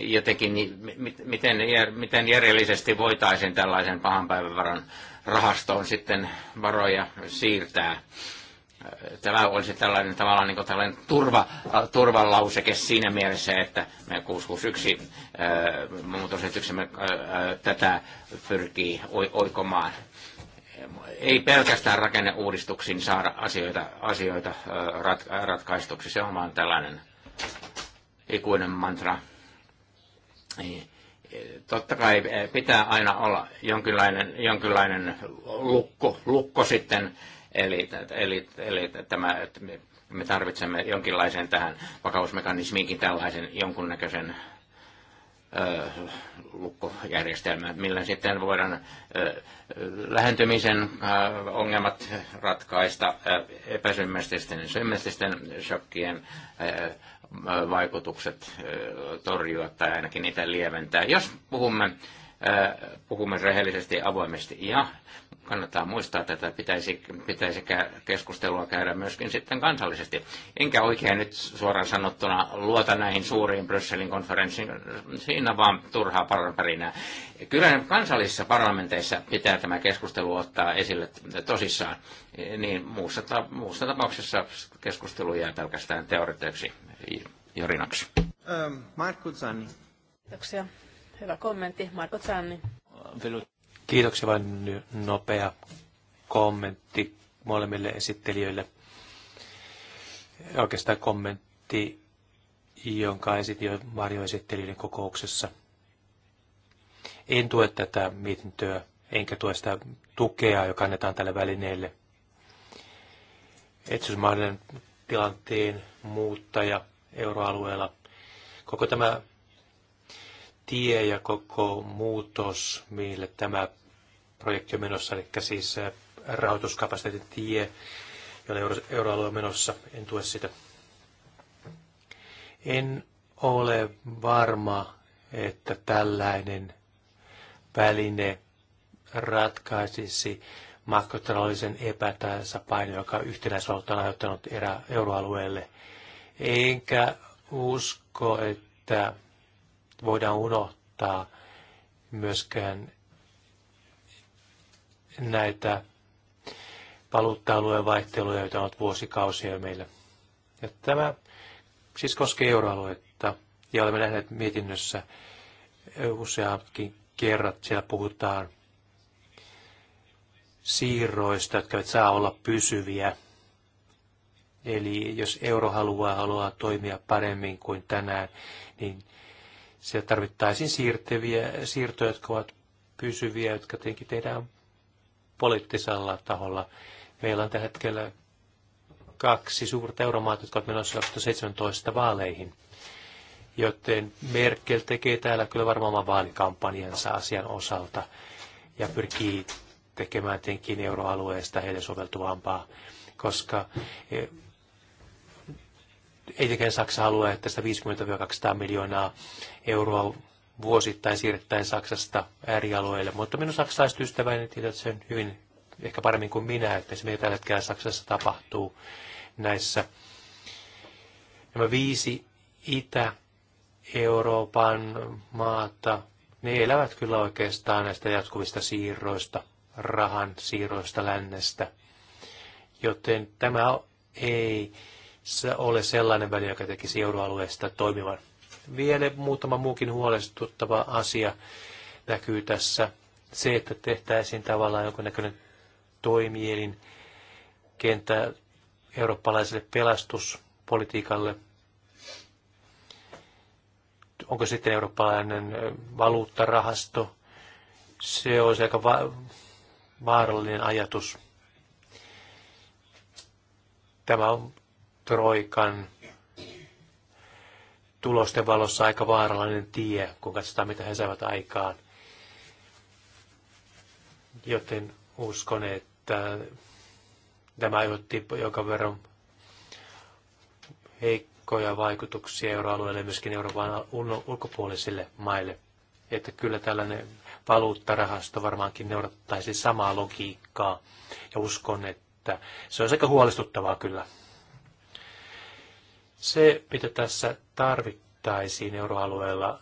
jotenkin, miten, miten järjellisesti voitaisiin tällaisen pahan päivän varan rahastoon sitten varoja siirtää tämä olisi tällainen tavallaan niin tällainen turva, äh, turvalauseke siinä mielessä, että me 661 äh, muutosesityksemme äh, tätä pyrkii oikomaan. Ei pelkästään rakenneuudistuksiin saada asioita, asioita rat, ratkaistuksi, se on vaan tällainen ikuinen mantra. Totta kai pitää aina olla jonkinlainen, jonkinlainen lukko, lukko sitten Eli, eli, eli tämä, että me tarvitsemme jonkinlaisen tähän vakausmekanismiinkin tällaisen jonkunnäköisen lukkojärjestelmä, millä sitten voidaan lähentymisen ongelmat ratkaista epäsymmästisten ja symmästisten shokkien vaikutukset torjua tai ainakin niitä lieventää. Jos puhumme, puhumme rehellisesti, avoimesti ja kannattaa muistaa, että tätä pitäisi, pitäisi keskustelua käydä myöskin sitten kansallisesti. Enkä oikein nyt suoraan sanottuna luota näihin suuriin Brysselin konferenssiin, siinä vaan turhaa parparinää. Kyllä kansallisissa parlamenteissa pitää tämä keskustelu ottaa esille tosissaan, niin muussa, ta- muussa tapauksessa keskustelu jää pelkästään teoreteeksi jorinaksi. Ähm, Marko Zanni. Kiitoksia. Hyvä kommentti. Marko Zanni. Kiitoksia vain nopea kommentti molemmille esittelijöille. Oikeastaan kommentti, jonka esitin jo varjoesittelijöiden kokouksessa. En tue tätä mietintöä, enkä tue sitä tukea, joka annetaan tälle välineelle. Etsysmaiden tilanteen muuttaja euroalueella. Koko tämä tie ja koko muutos, mille tämä projekti on menossa, eli siis äh, rahoituskapasiteetin tie, jolle euro, euroalue on menossa. En tue sitä. En ole varma, että tällainen väline ratkaisisi makrotaloudellisen epätasapainon, joka yhtenäisvaluutta on aiheuttanut erä euroalueelle. Enkä usko, että voidaan unohtaa myöskään näitä valuutta-alueen vaihteluja, joita on ollut vuosikausia meillä. Ja tämä siis koskee euroaluetta, ja olemme nähneet mietinnössä useatkin kerrat, siellä puhutaan siirroista, jotka eivät saa olla pysyviä. Eli jos euro haluaa, haluaa toimia paremmin kuin tänään, niin siellä tarvittaisiin siirteviä, siirtoja, jotka ovat pysyviä, jotka tietenkin tehdään poliittisella taholla. Meillä on tällä hetkellä kaksi suurta euromaata, jotka ovat menossa 2017 vaaleihin. Joten Merkel tekee täällä kyllä varmaan oman vaalikampanjansa asian osalta ja pyrkii tekemään tietenkin euroalueesta heille soveltuvampaa, koska eikä Saksa haluaa, että sitä 50-200 miljoonaa euroa vuosittain siirrettäisiin Saksasta äärialueille. Mutta minun saksalaiset ystäväni tietävät sen hyvin, ehkä paremmin kuin minä, että se mitä tällä hetkellä Saksassa tapahtuu näissä. Nämä viisi Itä-Euroopan maata, ne elävät kyllä oikeastaan näistä jatkuvista siirroista, rahan siirroista lännestä. Joten tämä ei ole sellainen väli, joka tekisi euroalueesta toimivan. Vielä muutama muukin huolestuttava asia näkyy tässä. Se, että tehtäisiin tavallaan jonkunnäköinen toimielin kenttä eurooppalaiselle pelastuspolitiikalle. Onko sitten eurooppalainen valuuttarahasto? Se olisi aika va- vaarallinen ajatus. Tämä on Troikan tulosten valossa aika vaarallinen tie, kun katsotaan, mitä he saavat aikaan. Joten uskon, että tämä aiheutti joka verran heikkoja vaikutuksia euroalueelle ja myöskin Euroopan ulkopuolisille maille. Että kyllä tällainen valuuttarahasto varmaankin noudattaisi samaa logiikkaa. Ja uskon, että se on aika huolestuttavaa kyllä. Se, mitä tässä tarvittaisiin euroalueella,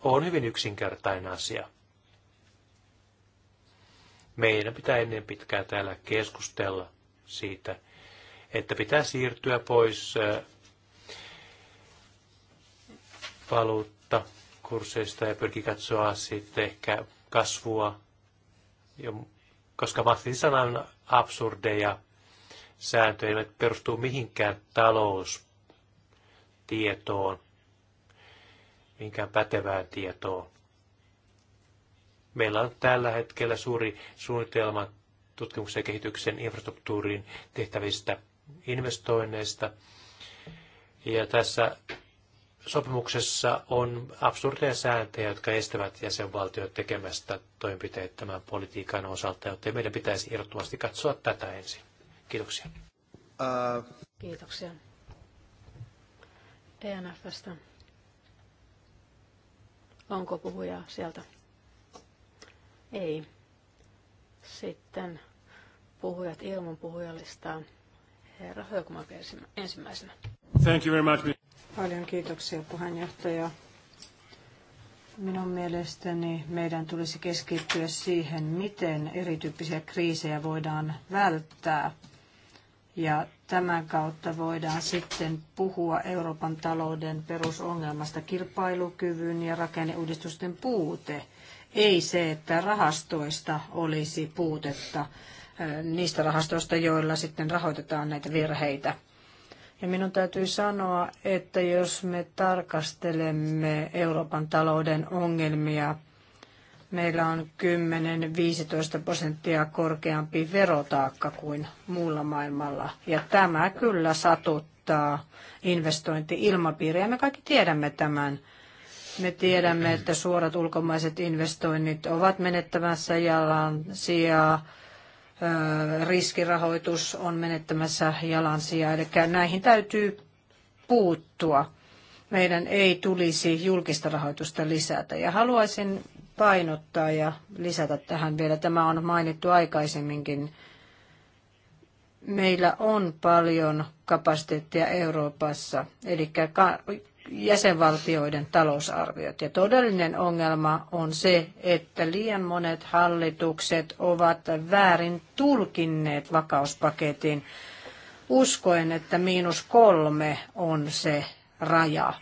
on hyvin yksinkertainen asia. Meidän pitää ennen pitkää täällä keskustella siitä, että pitää siirtyä pois valuutta kursseista ja pyrki katsoa sitten ehkä kasvua, koska Matti sanan absurdeja sääntö ei perustu mihinkään taloustietoon, mihinkään pätevään tietoon. Meillä on tällä hetkellä suuri suunnitelma tutkimuksen ja kehityksen infrastruktuuriin tehtävistä investoinneista. Ja tässä sopimuksessa on absurdeja sääntöjä, jotka estävät jäsenvaltiot tekemästä toimenpiteitä tämän politiikan osalta, joten meidän pitäisi irrottomasti katsoa tätä ensin. Kiitoksia. Uh... Kiitoksia. DNFstä. Onko puhuja sieltä? Ei. Sitten puhujat ilman puhujalistaa. Herra Höökumak ensimmäisenä. Thank you very much. Paljon kiitoksia puheenjohtaja. Minun mielestäni meidän tulisi keskittyä siihen, miten erityyppisiä kriisejä voidaan välttää – ja tämän kautta voidaan sitten puhua Euroopan talouden perusongelmasta kilpailukyvyn ja rakenneuudistusten puute. Ei se, että rahastoista olisi puutetta, niistä rahastoista, joilla sitten rahoitetaan näitä virheitä. Ja minun täytyy sanoa, että jos me tarkastelemme Euroopan talouden ongelmia meillä on 10-15 prosenttia korkeampi verotaakka kuin muulla maailmalla. Ja tämä kyllä satuttaa investointi-ilmapiiriä. Me kaikki tiedämme tämän. Me tiedämme, että suorat ulkomaiset investoinnit ovat menettämässä jalan sijaa. Riskirahoitus on menettämässä jalan sijaa. Eli näihin täytyy puuttua meidän ei tulisi julkista rahoitusta lisätä. Ja haluaisin painottaa ja lisätä tähän vielä. Tämä on mainittu aikaisemminkin. Meillä on paljon kapasiteettia Euroopassa, eli jäsenvaltioiden talousarviot. Ja todellinen ongelma on se, että liian monet hallitukset ovat väärin tulkinneet vakauspaketin uskoen, että miinus kolme on se raja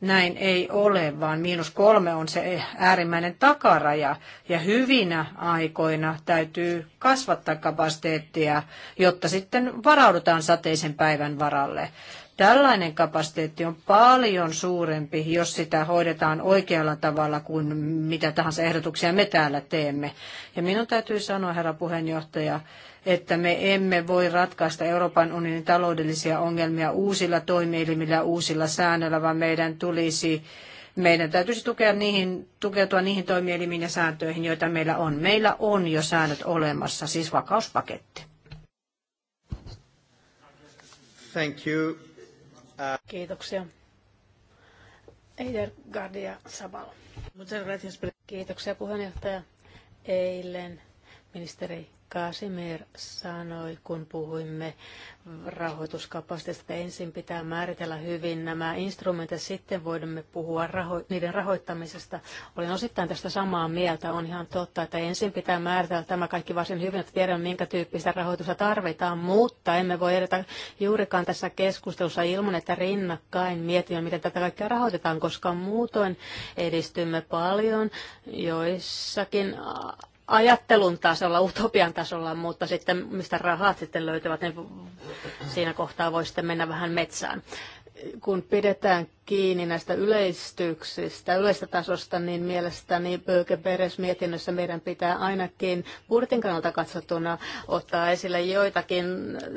näin ei ole, vaan miinus kolme on se äärimmäinen takaraja. Ja hyvinä aikoina täytyy kasvattaa kapasiteettia, jotta sitten varaudutaan sateisen päivän varalle. Tällainen kapasiteetti on paljon suurempi, jos sitä hoidetaan oikealla tavalla kuin mitä tahansa ehdotuksia me täällä teemme. Ja minun täytyy sanoa, herra puheenjohtaja, että me emme voi ratkaista Euroopan unionin taloudellisia ongelmia uusilla toimielimillä, uusilla säännöillä, vaan meidän tulisi meidän täytyisi tukea niihin, tukeutua niihin toimielimiin ja sääntöihin, joita meillä on. Meillä on jo säännöt olemassa, siis vakauspaketti. Thank you. Uh... Kiitoksia. Eider Gardia Sabal. Kiitoksia puheenjohtaja. Eilen ministeri Kasimir sanoi, kun puhuimme rahoituskapasiteetista, että ensin pitää määritellä hyvin nämä instrumentit, ja sitten voimme puhua raho- niiden rahoittamisesta. Olen osittain tästä samaa mieltä. On ihan totta, että ensin pitää määritellä tämä kaikki varsin hyvin, että tiedämme, minkä tyyppistä rahoitusta tarvitaan, mutta emme voi edetä juurikaan tässä keskustelussa ilman, että rinnakkain mietimme, miten tätä kaikkea rahoitetaan, koska muutoin edistymme paljon joissakin ajattelun tasolla, utopian tasolla, mutta sitten mistä rahat sitten löytyvät, niin siinä kohtaa voi sitten mennä vähän metsään. Kun pidetään kiinni näistä yleistyksistä, yleistä tasosta, niin mielestäni Pöyke Peres mietinnössä meidän pitää ainakin budjetin kannalta katsottuna ottaa esille joitakin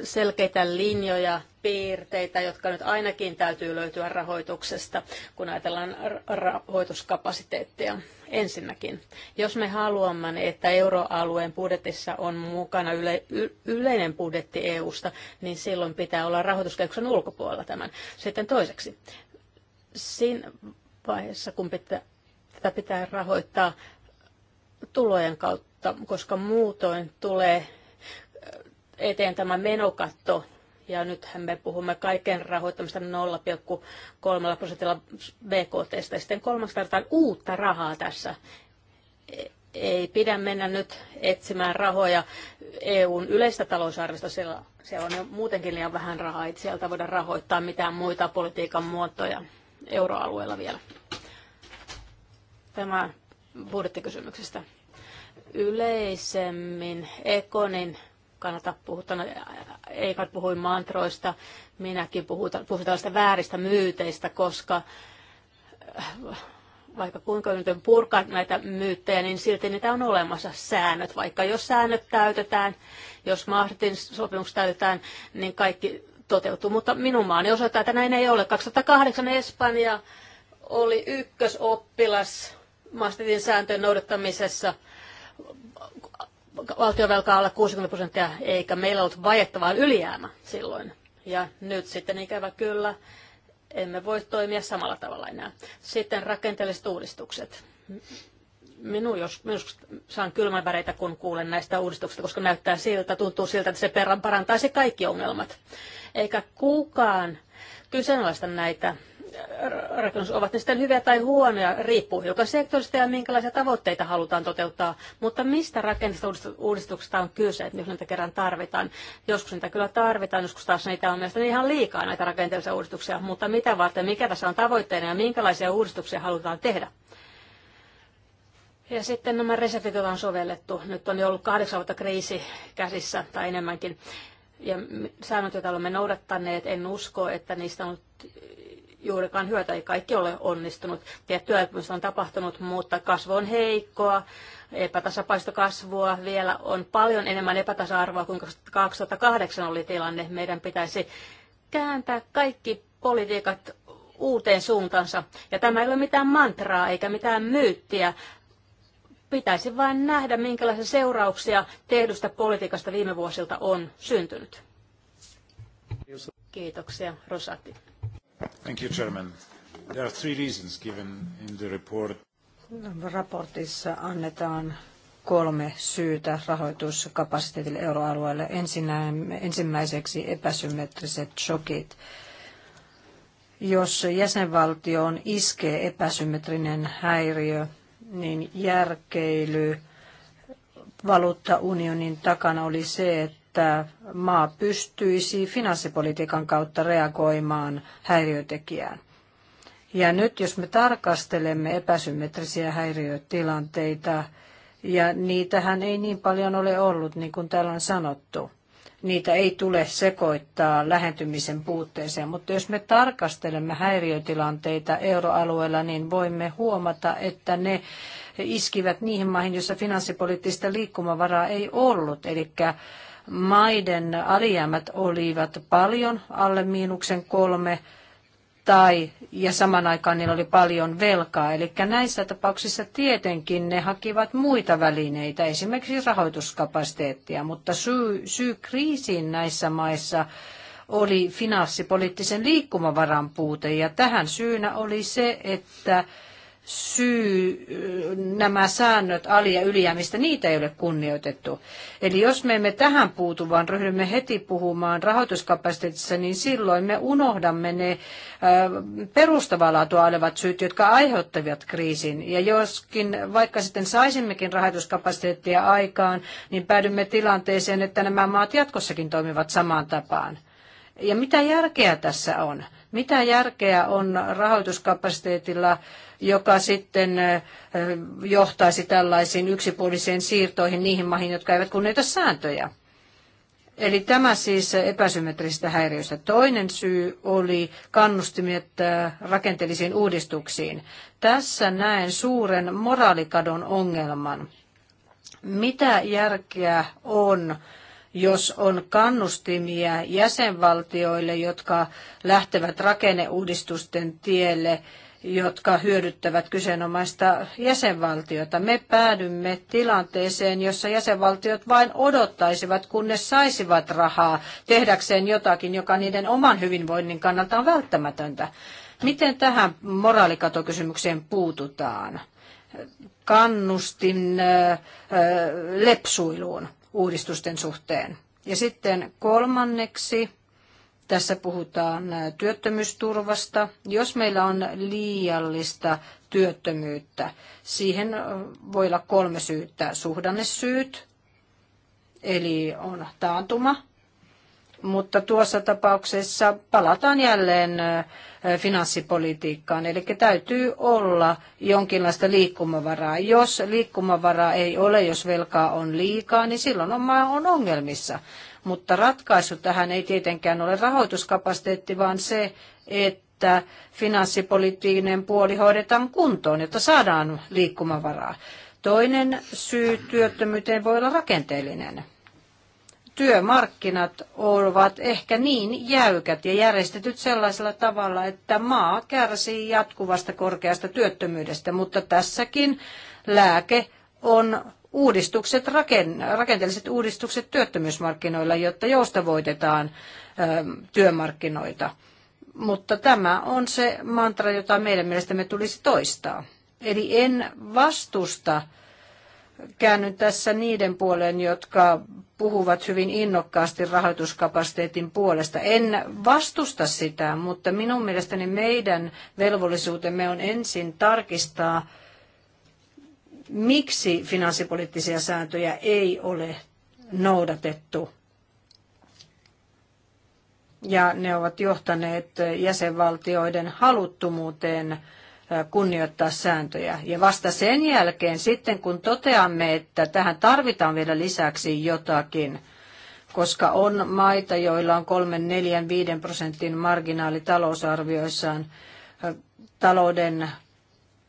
selkeitä linjoja, piirteitä, jotka nyt ainakin täytyy löytyä rahoituksesta, kun ajatellaan rahoituskapasiteettia. Ensinnäkin, jos me haluamme, että euroalueen budjetissa on mukana yle, yleinen budjetti EUsta, niin silloin pitää olla rahoituskehyksen ulkopuolella tämän. Sitten toiseksi, siinä vaiheessa, kun pitää, tätä pitää rahoittaa tulojen kautta, koska muutoin tulee eteen tämä menokatto, ja nythän me puhumme kaiken rahoittamista 0,3 prosentilla BKTstä. Sitten kolmas tarvitaan uutta rahaa tässä. E-, ei pidä mennä nyt etsimään rahoja EUn yleistä talousarvista, siellä, siellä on jo muutenkin liian vähän rahaa, ei sieltä voidaan rahoittaa mitään muita politiikan muotoja euroalueella vielä. Tämä budjettikysymyksestä. Yleisemmin Ekonin kannata puhua, ei kannata puhuin mantroista, minäkin puhutaan puhun tällaista vääristä myyteistä, koska äh, vaikka kuinka nyt purkaa näitä myyttejä, niin silti niitä on olemassa säännöt. Vaikka jos säännöt täytetään, jos Mahditin sopimus täytetään, niin kaikki toteutuu, mutta minun maani osoittaa, että näin ei ole. 2008 Espanja oli ykkösoppilas Maastrichtin sääntöjen noudattamisessa valtiovelkaa alle 60 prosenttia, eikä meillä ollut vajetta, vaan ylijäämä silloin. Ja nyt sitten ikävä kyllä emme voi toimia samalla tavalla enää. Sitten rakenteelliset uudistukset minun jos, minun saan kylmän väreitä, kun kuulen näistä uudistuksista, koska näyttää siltä, tuntuu siltä, että se perran parantaisi kaikki ongelmat. Eikä kukaan kyseenalaista näitä äh, rakennus, ovat ne sitten hyviä tai huonoja, riippuu joka sektorista ja minkälaisia tavoitteita halutaan toteuttaa, mutta mistä rakennusta uudistuksesta on kyse, että jos niitä kerran tarvitaan. Joskus niitä kyllä tarvitaan, joskus taas niitä on mielestäni ihan liikaa näitä rakenteellisia uudistuksia, mutta mitä varten, mikä tässä on tavoitteena ja minkälaisia uudistuksia halutaan tehdä. Ja sitten nämä reseptit, joita on sovellettu. Nyt on jo ollut kahdeksan vuotta kriisi käsissä tai enemmänkin. Ja säännöt, joita olemme noudattaneet, en usko, että niistä on juurikaan hyötä. Ei kaikki ole onnistunut. Tiettyä elpymistä on tapahtunut, mutta kasvu on heikkoa, kasvua Vielä on paljon enemmän epätasa-arvoa kuin 2008 oli tilanne. Meidän pitäisi kääntää kaikki politiikat uuteen suuntansa. Ja tämä ei ole mitään mantraa eikä mitään myyttiä, Pitäisi vain nähdä, minkälaisia seurauksia tehdystä politiikasta viime vuosilta on syntynyt. Kiitoksia, Rosati. Thank you, Chairman. There are three reasons given in the report. Raportissa annetaan kolme syytä rahoituskapasiteetille euroalueelle. ensimmäiseksi epäsymmetriset shokit. Jos jäsenvaltioon iskee epäsymmetrinen häiriö, niin järkeily valuuttaunionin takana oli se, että maa pystyisi finanssipolitiikan kautta reagoimaan häiriötekijään. Ja nyt jos me tarkastelemme epäsymmetrisiä häiriötilanteita, ja niitähän ei niin paljon ole ollut, niin kuin täällä on sanottu, niitä ei tule sekoittaa lähentymisen puutteeseen. Mutta jos me tarkastelemme häiriötilanteita euroalueella, niin voimme huomata, että ne iskivät niihin maihin, joissa finanssipoliittista liikkumavaraa ei ollut. Eli maiden alijäämät olivat paljon alle miinuksen kolme tai ja saman aikaan niillä oli paljon velkaa. Eli näissä tapauksissa tietenkin ne hakivat muita välineitä, esimerkiksi rahoituskapasiteettia, mutta syy, syy kriisiin näissä maissa oli finanssipoliittisen liikkumavaran puute ja tähän syynä oli se, että syy, nämä säännöt ali- ja ylijäämistä, niitä ei ole kunnioitettu. Eli jos me emme tähän puutu, vaan ryhdymme heti puhumaan rahoituskapasiteetissa, niin silloin me unohdamme ne perustavaa laatua olevat syyt, jotka aiheuttavat kriisin. Ja joskin, vaikka sitten saisimmekin rahoituskapasiteettia aikaan, niin päädymme tilanteeseen, että nämä maat jatkossakin toimivat samaan tapaan. Ja mitä järkeä tässä on? Mitä järkeä on rahoituskapasiteetilla joka sitten johtaisi tällaisiin yksipuolisiin siirtoihin niihin maihin, jotka eivät kunnioita sääntöjä. Eli tämä siis epäsymmetristä häiriöstä. Toinen syy oli kannustimet rakenteellisiin uudistuksiin. Tässä näen suuren moraalikadon ongelman. Mitä järkeä on, jos on kannustimia jäsenvaltioille, jotka lähtevät rakenneuudistusten tielle, jotka hyödyttävät kyseenomaista jäsenvaltiota. Me päädymme tilanteeseen, jossa jäsenvaltiot vain odottaisivat, kunnes saisivat rahaa tehdäkseen jotakin, joka niiden oman hyvinvoinnin kannalta on välttämätöntä. Miten tähän moraalikatokysymykseen puututaan? Kannustin lepsuiluun uudistusten suhteen. Ja sitten kolmanneksi tässä puhutaan työttömyysturvasta. Jos meillä on liiallista työttömyyttä, siihen voi olla kolme syyttä. Suhdannesyyt, eli on taantuma, mutta tuossa tapauksessa palataan jälleen finanssipolitiikkaan, eli täytyy olla jonkinlaista liikkumavaraa. Jos liikkumavaraa ei ole, jos velkaa on liikaa, niin silloin on, on ongelmissa mutta ratkaisu tähän ei tietenkään ole rahoituskapasiteetti, vaan se, että finanssipoliittinen puoli hoidetaan kuntoon, jotta saadaan liikkumavaraa. Toinen syy työttömyyteen voi olla rakenteellinen. Työmarkkinat ovat ehkä niin jäykät ja järjestetyt sellaisella tavalla, että maa kärsii jatkuvasta korkeasta työttömyydestä, mutta tässäkin lääke on uudistukset, rakenteelliset uudistukset työttömyysmarkkinoilla, jotta joustavoitetaan työmarkkinoita. Mutta tämä on se mantra, jota meidän mielestämme tulisi toistaa. Eli en vastusta, käännyn tässä niiden puoleen, jotka puhuvat hyvin innokkaasti rahoituskapasiteetin puolesta. En vastusta sitä, mutta minun mielestäni meidän velvollisuutemme on ensin tarkistaa, miksi finanssipoliittisia sääntöjä ei ole noudatettu. Ja ne ovat johtaneet jäsenvaltioiden haluttomuuteen kunnioittaa sääntöjä. Ja vasta sen jälkeen sitten, kun toteamme, että tähän tarvitaan vielä lisäksi jotakin, koska on maita, joilla on 3, 4, 5 prosentin marginaali talousarvioissaan talouden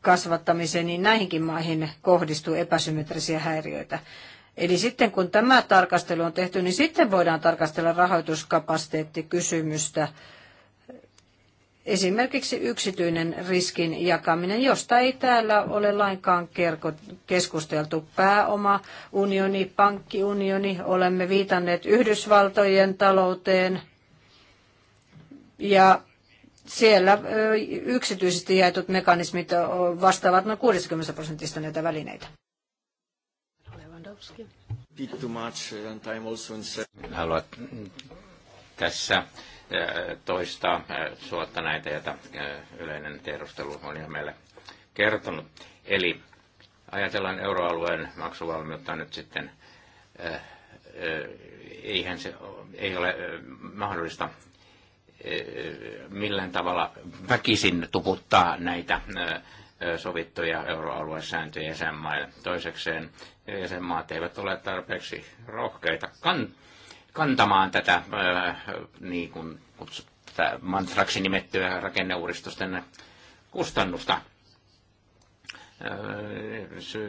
kasvattamiseen, niin näihinkin maihin kohdistuu epäsymmetrisiä häiriöitä. Eli sitten kun tämä tarkastelu on tehty, niin sitten voidaan tarkastella rahoituskapasiteettikysymystä. Esimerkiksi yksityinen riskin jakaminen, josta ei täällä ole lainkaan keskusteltu. Pääoma, unioni, pankkiunioni, olemme viitanneet Yhdysvaltojen talouteen ja siellä yksityisesti jaetut mekanismit vastaavat noin 60 prosentista näitä välineitä. Uh, Haluat mm, tässä toistaa suotta näitä, joita yleinen tiedustelu on jo meille kertonut. Eli ajatellaan euroalueen maksuvalmiutta nyt sitten, eihän se ei ole mahdollista millään tavalla väkisin tuputtaa näitä sovittuja euroalueen sääntöjä jäsenmaille. Toisekseen jäsenmaat eivät ole tarpeeksi rohkeita kan, kantamaan tätä niin kuin kutsut, tätä mantraksi nimettyä rakenneuudistusten kustannusta.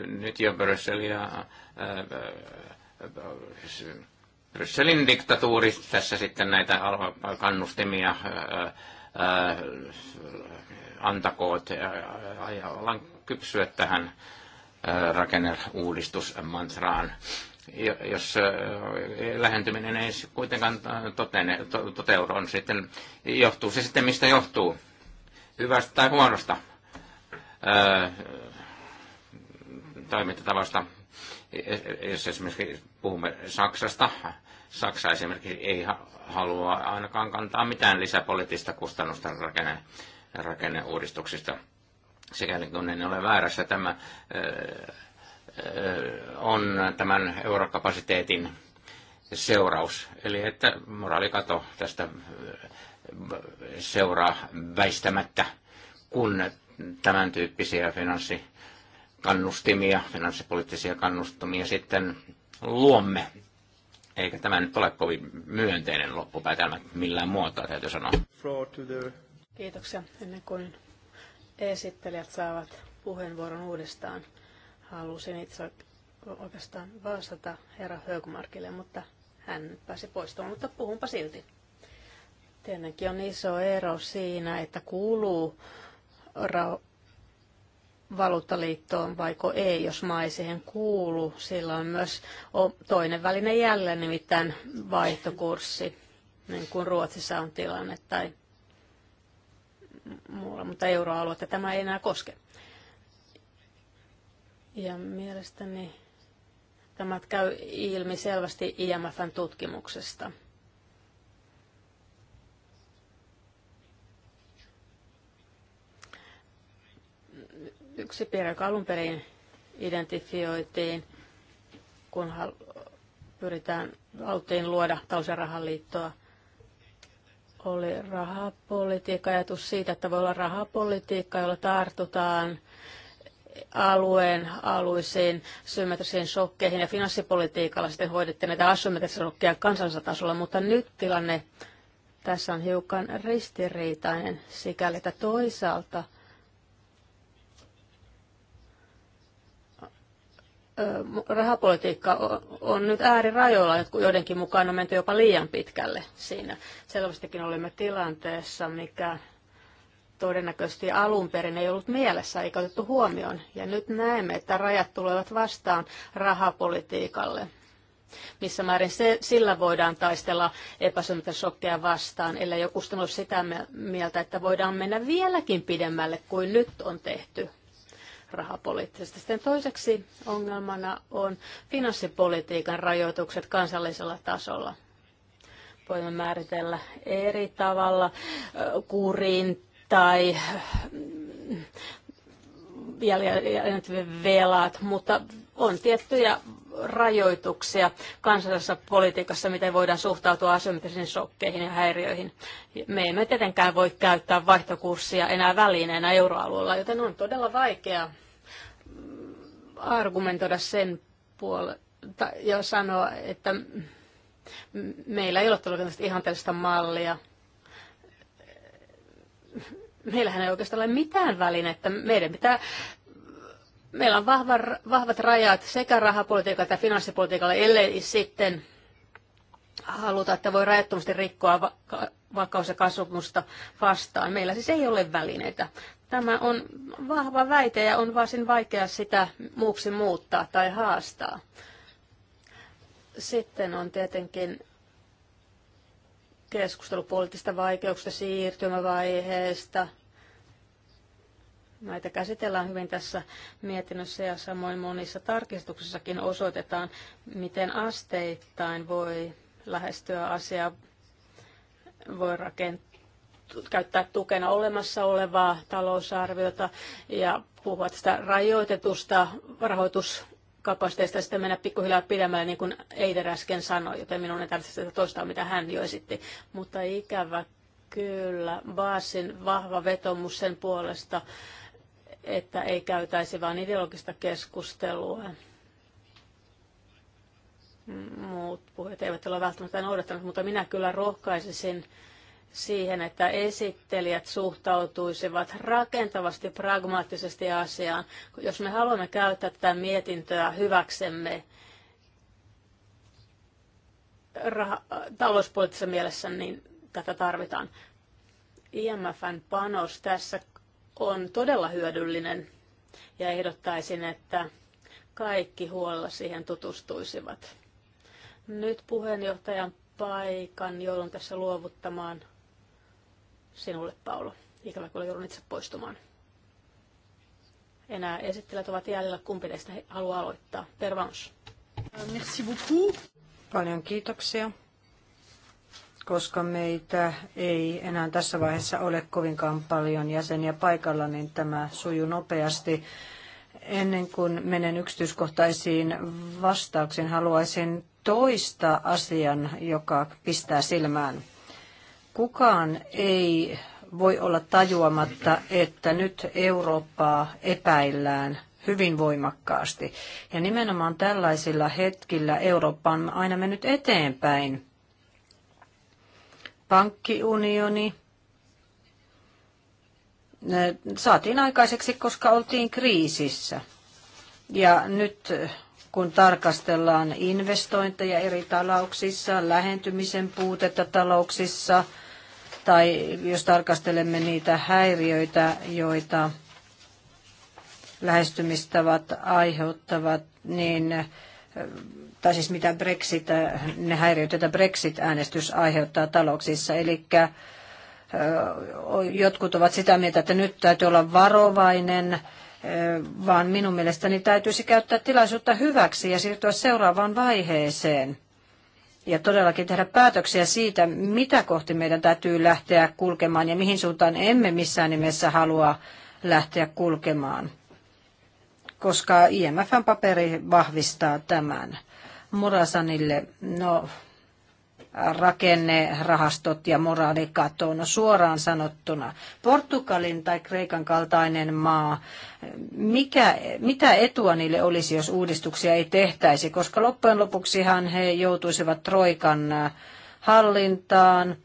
Nyt jo Brysselia Brysselin diktatuuri tässä sitten näitä kannustimia antakoot ja ollaan kypsyä tähän rakenneuudistusmantraan. Jos lähentyminen ei kuitenkaan totene, to, toteudu, on sitten, johtuu se sitten mistä johtuu, hyvästä tai huonosta toimintatavasta jos esimerkiksi puhumme Saksasta, Saksa esimerkiksi ei halua ainakaan kantaa mitään lisäpoliittista kustannusta rakenne, rakenneuudistuksista. Sikäli kun en ole väärässä, tämä äh, äh, on tämän eurokapasiteetin seuraus. Eli että moraalikato tästä äh, seuraa väistämättä, kun tämän tyyppisiä finanssi- kannustimia, finanssipoliittisia kannustimia sitten luomme. Eikä tämä nyt ole kovin myönteinen loppupäätelmä millään muotoa, täytyy sanoa. Kiitoksia. Ennen kuin esittelijät saavat puheenvuoron uudestaan, halusin itse oikeastaan vastata herra Högmarkille, mutta hän pääsi poistumaan, mutta puhunpa silti. Tietenkin on iso ero siinä, että kuuluu valuuttaliittoon vaiko ei, jos maa ei siihen kuulu. Sillä on myös toinen väline jälleen, nimittäin vaihtokurssi, niin kuin Ruotsissa on tilanne tai muulla, mutta euroaluetta tämä ei enää koske. Ja mielestäni tämä käy ilmi selvästi IMFn tutkimuksesta – yksi piirre, joka alun perin identifioitiin, kun pyritään valtiin luoda talous- ja oli rahapolitiikka, ajatus siitä, että voi olla rahapolitiikka, jolla tartutaan alueen aluisiin symmetrisiin shokkeihin ja finanssipolitiikalla sitten hoidettiin näitä asymmetrisiä shokkeja kansallisella tasolla, mutta nyt tilanne tässä on hiukan ristiriitainen sikäli, että toisaalta rahapolitiikka on nyt äärirajoilla, että joidenkin mukaan on menty jopa liian pitkälle siinä. Selvästikin olimme tilanteessa, mikä todennäköisesti alun perin ei ollut mielessä eikä otettu huomioon. Ja nyt näemme, että rajat tulevat vastaan rahapolitiikalle. Missä määrin se, sillä voidaan taistella epäsymmetrisokkeja vastaan, ellei joku sitä mieltä, että voidaan mennä vieläkin pidemmälle kuin nyt on tehty rahapoliittisesti. Sitten toiseksi ongelmana on finanssipolitiikan rajoitukset kansallisella tasolla. Voimme määritellä eri tavalla kurin tai velat, mutta on tiettyjä rajoituksia kansallisessa politiikassa, miten voidaan suhtautua asymmetrisiin shokkeihin ja häiriöihin. Me emme tietenkään voi käyttää vaihtokurssia enää välineenä euroalueella, joten on todella vaikea argumentoida sen puolella ja sanoa, että meillä ei ole tällaista ihan tällaista mallia. Meillähän ei oikeastaan ole mitään välinettä. Meidän pitää meillä on vahva, vahvat rajat sekä rahapolitiikalla että finanssipolitiikalla, ellei sitten haluta, että voi rajattomasti rikkoa vakaus- ja kasvumusta vastaan. Meillä siis ei ole välineitä Tämä on vahva väite ja on varsin vaikea sitä muuksi muuttaa tai haastaa. Sitten on tietenkin keskustelu poliittista vaikeuksista, siirtymävaiheesta. Näitä käsitellään hyvin tässä mietinnössä ja samoin monissa tarkistuksissakin osoitetaan, miten asteittain voi lähestyä asiaa, voi rakentaa käyttää tukena olemassa olevaa talousarviota ja puhua tästä rajoitetusta rahoituskapasiteetista sitten mennä pikkuhiljaa pidemmälle, niin kuin Eider äsken sanoi, joten minun ei tarvitse sitä toistaa, mitä hän jo esitti. Mutta ikävä kyllä, Baasin vahva vetomus sen puolesta, että ei käytäisi vain ideologista keskustelua muut puheet eivät ole välttämättä noudattaneet, mutta minä kyllä rohkaisisin siihen, että esittelijät suhtautuisivat rakentavasti pragmaattisesti asiaan. Jos me haluamme käyttää tätä mietintöä hyväksemme rah- talouspoliittisessa mielessä, niin tätä tarvitaan. IMFn panos tässä on todella hyödyllinen ja ehdottaisin, että kaikki huolella siihen tutustuisivat. Nyt puheenjohtajan paikan joudun tässä luovuttamaan sinulle, Paulo. Ikävä kyllä joudun itse poistumaan. Enää esittelijät ovat jäljellä. Kumpi teistä haluaa aloittaa? Pervans. Euh, merci beaucoup. Paljon kiitoksia. Koska meitä ei enää tässä vaiheessa ole kovinkaan paljon jäseniä paikalla, niin tämä sujuu nopeasti. Ennen kuin menen yksityiskohtaisiin vastauksiin, haluaisin toista asian, joka pistää silmään. Kukaan ei voi olla tajuamatta, että nyt Eurooppaa epäillään hyvin voimakkaasti. Ja nimenomaan tällaisilla hetkillä Eurooppa on aina mennyt eteenpäin. Pankkiunioni saatiin aikaiseksi, koska oltiin kriisissä. Ja nyt kun tarkastellaan investointeja eri talouksissa, lähentymisen puutetta talouksissa – tai jos tarkastelemme niitä häiriöitä, joita lähestymistavat aiheuttavat, niin tai siis mitä Brexit, ne häiriöt, joita Brexit-äänestys aiheuttaa talouksissa. Eli jotkut ovat sitä mieltä, että nyt täytyy olla varovainen, vaan minun mielestäni täytyisi käyttää tilaisuutta hyväksi ja siirtyä seuraavaan vaiheeseen ja todellakin tehdä päätöksiä siitä, mitä kohti meidän täytyy lähteä kulkemaan ja mihin suuntaan emme missään nimessä halua lähteä kulkemaan, koska IMFn paperi vahvistaa tämän. Murasanille, no rakennerahastot ja moraalikaton suoraan sanottuna. Portugalin tai Kreikan kaltainen maa, mikä, mitä etua niille olisi, jos uudistuksia ei tehtäisi, koska loppujen lopuksihan he joutuisivat Troikan hallintaan,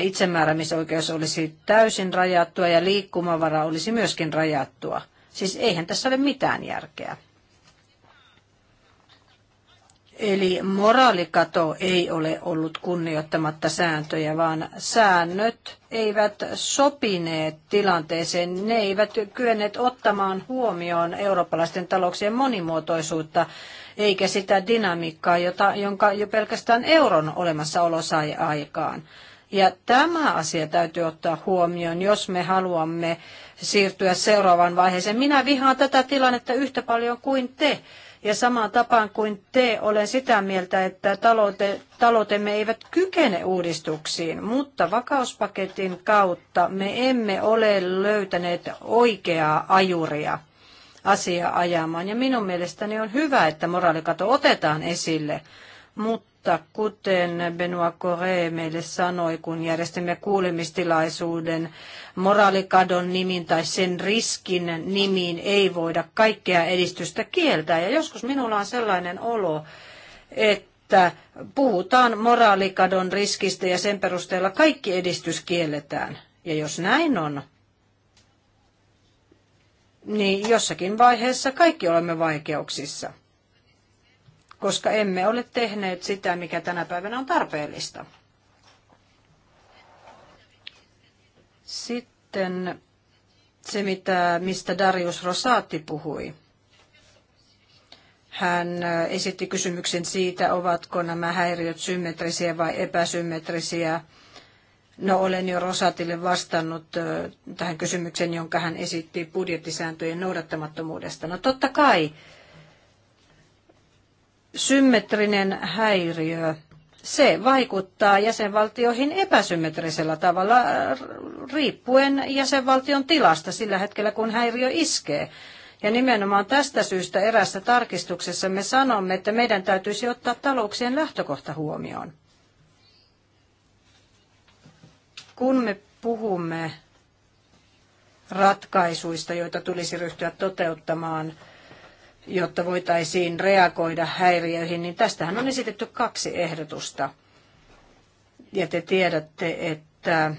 itsemääräämisoikeus olisi täysin rajattua ja liikkumavara olisi myöskin rajattua. Siis eihän tässä ole mitään järkeä. Eli moraalikato ei ole ollut kunnioittamatta sääntöjä, vaan säännöt eivät sopineet tilanteeseen. Ne eivät kyenneet ottamaan huomioon eurooppalaisten talouksien monimuotoisuutta eikä sitä dynamiikkaa, jota, jonka jo pelkästään euron olemassaolo sai aikaan. Ja tämä asia täytyy ottaa huomioon, jos me haluamme siirtyä seuraavaan vaiheeseen. Minä vihaan tätä tilannetta yhtä paljon kuin te. Ja samaan tapaan kuin te, olen sitä mieltä, että taloute, taloutemme eivät kykene uudistuksiin, mutta vakauspaketin kautta me emme ole löytäneet oikeaa ajuria asiaa ajamaan. Ja minun mielestäni on hyvä, että moraalikato otetaan esille, mutta mutta kuten Benoit Corre meille sanoi, kun järjestimme kuulemistilaisuuden, moraalikadon nimin tai sen riskin nimiin ei voida kaikkea edistystä kieltää. Ja joskus minulla on sellainen olo, että puhutaan moraalikadon riskistä ja sen perusteella kaikki edistys kielletään. Ja jos näin on, niin jossakin vaiheessa kaikki olemme vaikeuksissa koska emme ole tehneet sitä, mikä tänä päivänä on tarpeellista. Sitten se, mitä, mistä Darius Rosati puhui. Hän äh, esitti kysymyksen siitä, ovatko nämä häiriöt symmetrisiä vai epäsymmetrisiä. No olen jo Rosatille vastannut äh, tähän kysymykseen, jonka hän esitti budjettisääntöjen noudattamattomuudesta. No totta kai symmetrinen häiriö, se vaikuttaa jäsenvaltioihin epäsymmetrisellä tavalla äh, riippuen jäsenvaltion tilasta sillä hetkellä, kun häiriö iskee. Ja nimenomaan tästä syystä erässä tarkistuksessa me sanomme, että meidän täytyisi ottaa talouksien lähtökohta huomioon. Kun me puhumme ratkaisuista, joita tulisi ryhtyä toteuttamaan – jotta voitaisiin reagoida häiriöihin, niin tästähän on esitetty kaksi ehdotusta. Ja te tiedätte, että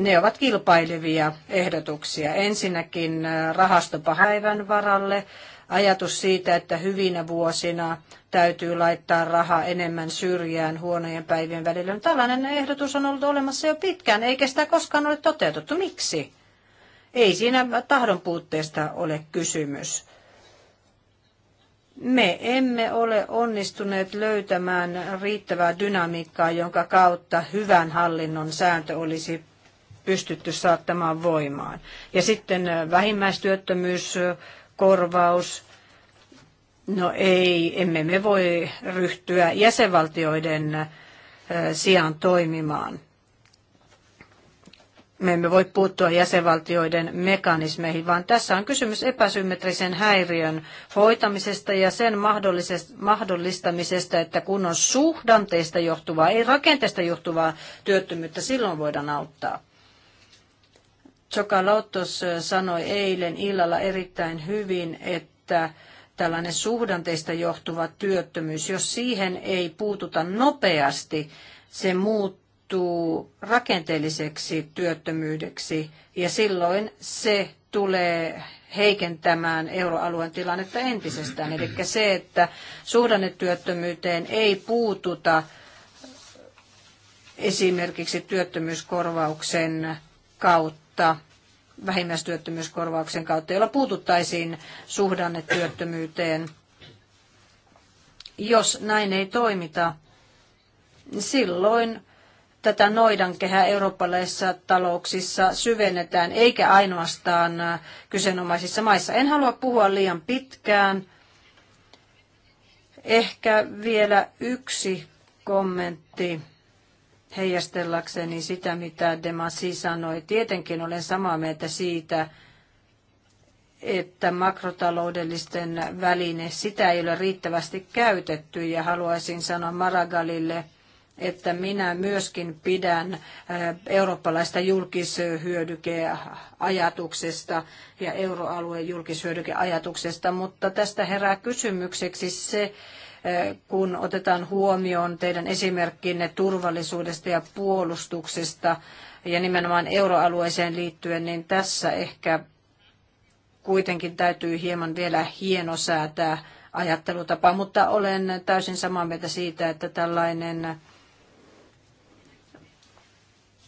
ne ovat kilpailevia ehdotuksia. Ensinnäkin äh, rahastopahäivän varalle ajatus siitä, että hyvinä vuosina täytyy laittaa raha enemmän syrjään huonojen päivien välillä. No, tällainen ehdotus on ollut olemassa jo pitkään, eikä sitä koskaan ole toteutettu. Miksi? Ei siinä tahdon puutteesta ole kysymys me emme ole onnistuneet löytämään riittävää dynamiikkaa, jonka kautta hyvän hallinnon sääntö olisi pystytty saattamaan voimaan. Ja sitten vähimmäistyöttömyyskorvaus. No ei, emme me voi ryhtyä jäsenvaltioiden sijaan toimimaan me emme voi puuttua jäsenvaltioiden mekanismeihin, vaan tässä on kysymys epäsymmetrisen häiriön hoitamisesta ja sen mahdollistamisesta, että kun on suhdanteista johtuvaa, ei rakenteesta johtuvaa työttömyyttä, silloin voidaan auttaa. Joka Lottos sanoi eilen illalla erittäin hyvin, että tällainen suhdanteista johtuva työttömyys, jos siihen ei puututa nopeasti, se muuttuu muuttuu rakenteelliseksi työttömyydeksi ja silloin se tulee heikentämään euroalueen tilannetta entisestään. Eli se, että suhdannetyöttömyyteen ei puututa esimerkiksi työttömyyskorvauksen kautta, vähimmäistyöttömyyskorvauksen kautta, jolla puututtaisiin suhdannetyöttömyyteen. Jos näin ei toimita, silloin tätä noidankehää eurooppalaisissa talouksissa syvennetään, eikä ainoastaan äh, kyseenomaisissa maissa. En halua puhua liian pitkään. Ehkä vielä yksi kommentti heijastellakseni sitä, mitä Demasi sanoi. Tietenkin olen samaa mieltä siitä, että makrotaloudellisten väline, sitä ei ole riittävästi käytetty ja haluaisin sanoa Maragalille, että minä myöskin pidän äh, eurooppalaista julkishyödykeajatuksesta ja euroalueen julkishyödykeajatuksesta, mutta tästä herää kysymykseksi se, äh, kun otetaan huomioon teidän esimerkkinne turvallisuudesta ja puolustuksesta ja nimenomaan euroalueeseen liittyen, niin tässä ehkä kuitenkin täytyy hieman vielä hienosäätää ajattelutapa, mutta olen täysin samaa mieltä siitä, että tällainen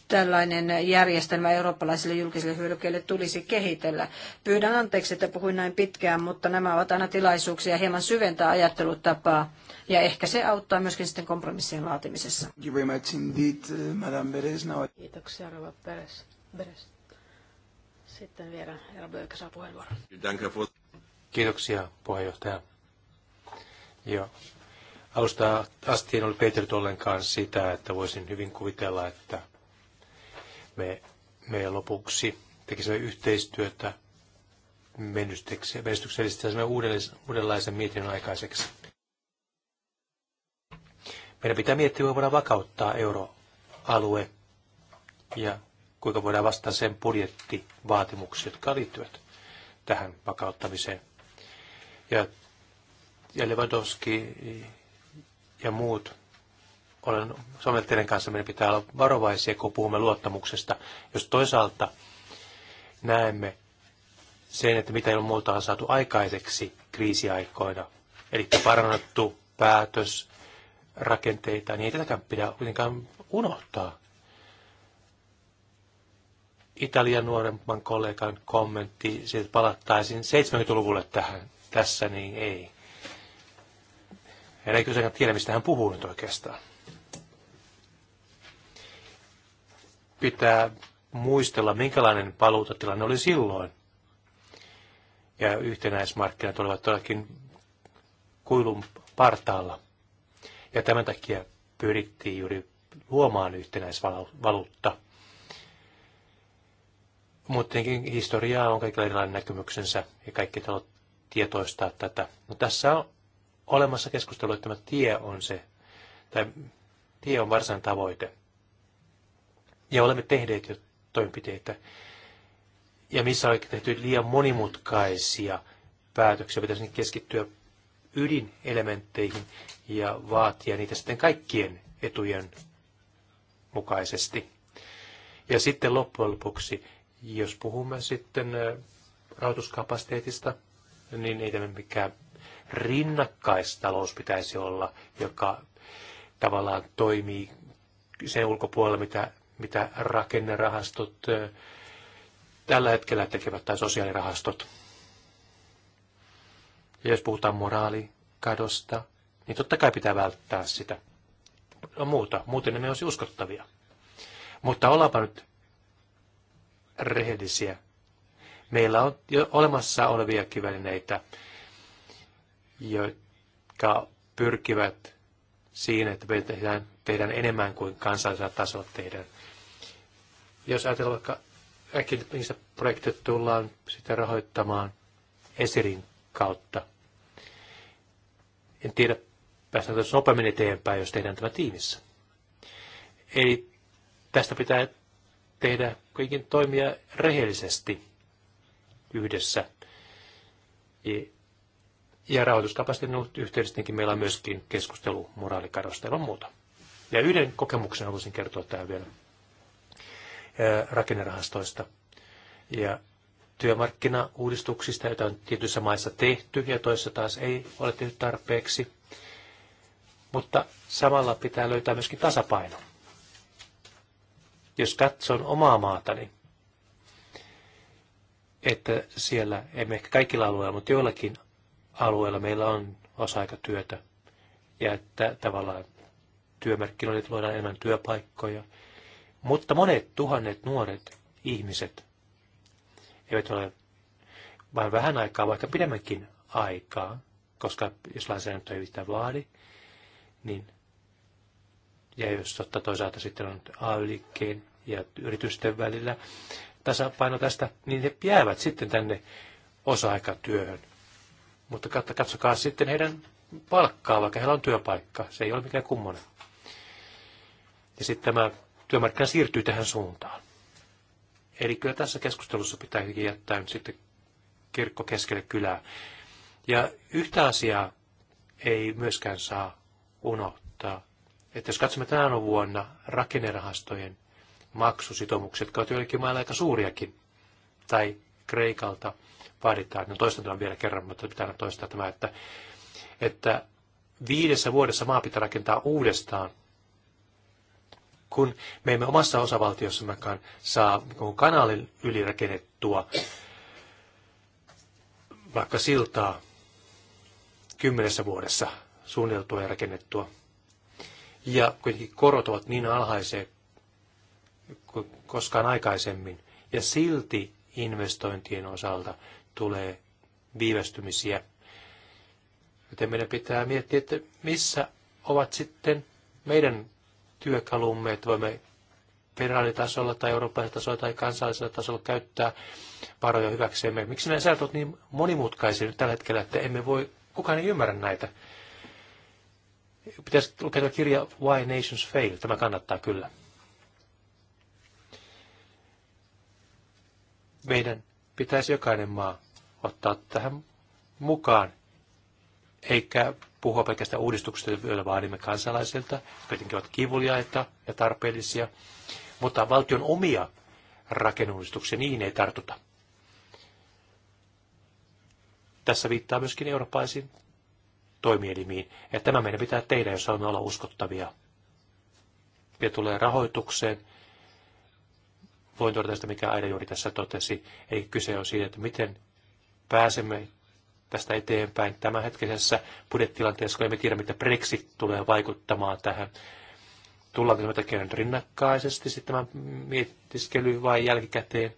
tällainen järjestelmä eurooppalaisille julkisille hyödykkeille tulisi kehitellä. Pyydän anteeksi, että puhuin näin pitkään, mutta nämä ovat aina tilaisuuksia hieman syventää ajattelutapaa ja ehkä se auttaa myöskin sitten kompromissien laatimisessa. Uh, Kiitoksia, Rova Peres. Peres. Sitten vielä herra Böökkä saa puheenvuoron. Kiitoksia, puheenjohtaja. Joo. Alusta asti en ole peitellyt ollenkaan sitä, että voisin hyvin kuvitella, että me, me lopuksi tekisimme yhteistyötä menestyksellisesti ja uudenlaisen mietinnön aikaiseksi. Meidän pitää miettiä, kuinka voidaan vakauttaa euroalue ja kuinka voidaan vastata sen budjettivaatimuksiin, jotka liittyvät tähän vakauttamiseen. Ja, ja Lewandowski ja muut olen samaa teidän kanssa, meidän pitää olla varovaisia, kun puhumme luottamuksesta. Jos toisaalta näemme sen, että mitä ilman muuta on saatu aikaiseksi kriisiaikoina, eli parannettu päätös, rakenteita, niin ei tätäkään pidä kuitenkaan unohtaa. Italian nuoremman kollegan kommentti, että palattaisiin 70-luvulle tähän, tässä, niin ei. Hän ei kyseenkaan tiedä, mistä hän puhuu nyt oikeastaan. pitää muistella, minkälainen paluutatilanne oli silloin. Ja yhtenäismarkkinat olivat todellakin kuilun partaalla. Ja tämän takia pyrittiin juuri luomaan yhtenäisvaluutta. Mutta historiaa on kaikilla erilainen näkemyksensä ja kaikki talot tietoistaa tätä. No, tässä on olemassa keskustelu, että tämä tie on se, tai tie on varsinainen tavoite. Ja olemme tehneet jo toimenpiteitä. Ja missä on tehty liian monimutkaisia päätöksiä, pitäisi keskittyä ydinelementteihin ja vaatia niitä sitten kaikkien etujen mukaisesti. Ja sitten loppujen lopuksi, jos puhumme sitten rahoituskapasiteetista, niin ei tämä mikään rinnakkaistalous pitäisi olla, joka tavallaan toimii sen ulkopuolella, mitä mitä rakennerahastot tällä hetkellä tekevät tai sosiaalirahastot. Ja jos puhutaan moraalikadosta, niin totta kai pitää välttää sitä. No muuta, muuten ne olisi uskottavia. Mutta ollaanpa nyt rehellisiä. Meillä on jo olemassa olevia välineitä, jotka pyrkivät siihen, että tehdään, tehdään enemmän kuin kansallisella tasolla tehdään. Jos ajatellaan vaikka äkkiä, niistä projektit tullaan sitä rahoittamaan Esirin kautta. En tiedä, päästäänkö nopeammin eteenpäin, jos tehdään tämä tiimissä. Eli tästä pitää tehdä kuitenkin toimia rehellisesti yhdessä. Ja rahoituskapasiteetin yhteydessäkin meillä on myöskin keskustelu moraalikadosta ja muuta. Ja yhden kokemuksen haluaisin kertoa tähän vielä rakennerahastoista ja työmarkkinauudistuksista, joita on tietyissä maissa tehty ja toissa taas ei ole tehty tarpeeksi. Mutta samalla pitää löytää myöskin tasapaino. Jos katson omaa maatani, että siellä, emme ehkä kaikilla alueilla, mutta joillakin alueilla meillä on osa-aikatyötä ja että tavallaan työmarkkinoille luodaan enemmän työpaikkoja – mutta monet tuhannet nuoret ihmiset eivät ole vain vähän aikaa, vaikka pidemmänkin aikaa, koska jos lainsäädäntö ei yhtään vaadi, niin ja jos totta toisaalta sitten on AY-liikkeen ja yritysten välillä tasapaino tästä, niin he jäävät sitten tänne osa-aikatyöhön. Mutta katsokaa sitten heidän palkkaa, vaikka heillä on työpaikka. Se ei ole mikään kummonen. Ja sitten tämä työmarkkina siirtyy tähän suuntaan. Eli kyllä tässä keskustelussa pitää jättää nyt sitten kirkko keskelle kylää. Ja yhtä asiaa ei myöskään saa unohtaa. Että jos katsomme tänä vuonna rakennerahastojen maksusitoumukset, jotka ovat joillekin mailla aika suuriakin, tai Kreikalta vaaditaan, no toistan tämän vielä kerran, mutta pitää toistaa tämä, että, että viidessä vuodessa maa pitää rakentaa uudestaan kun me emme omassa osavaltiossammekaan saa kanaalin ylirakennettua vaikka siltaa kymmenessä vuodessa suunniteltua ja rakennettua. Ja kuitenkin korot ovat niin alhaisia kuin koskaan aikaisemmin. Ja silti investointien osalta tulee viivästymisiä. Joten meidän pitää miettiä, että missä ovat sitten meidän työkalumme, että voimme federaalitasolla tai eurooppalaisella tasolla tai kansallisella tasolla käyttää varoja hyväksemme. Miksi nämä säätöt niin monimutkaisia nyt tällä hetkellä, että emme voi, kukaan ei ymmärrä näitä. Pitäisi lukea tämä kirja Why Nations Fail, tämä kannattaa kyllä. Meidän pitäisi jokainen maa ottaa tähän mukaan eikä puhua pelkästään uudistuksista, joilla vaadimme kansalaisilta, jotka ovat kivuliaita ja tarpeellisia, mutta valtion omia rakennuudistuksia, niihin ei tartuta. Tässä viittaa myöskin eurooppalaisiin toimielimiin, ja tämä meidän pitää tehdä, jos haluamme olla uskottavia. Ja tulee rahoitukseen, voin todeta sitä, mikä Aida juuri tässä totesi, eli kyse on siitä, että miten pääsemme tästä eteenpäin tämänhetkisessä budjettilanteessa, kun emme tiedä, mitä Brexit tulee vaikuttamaan tähän. Tullaanko me tekemään rinnakkaisesti sitten tämä mietiskely vai jälkikäteen?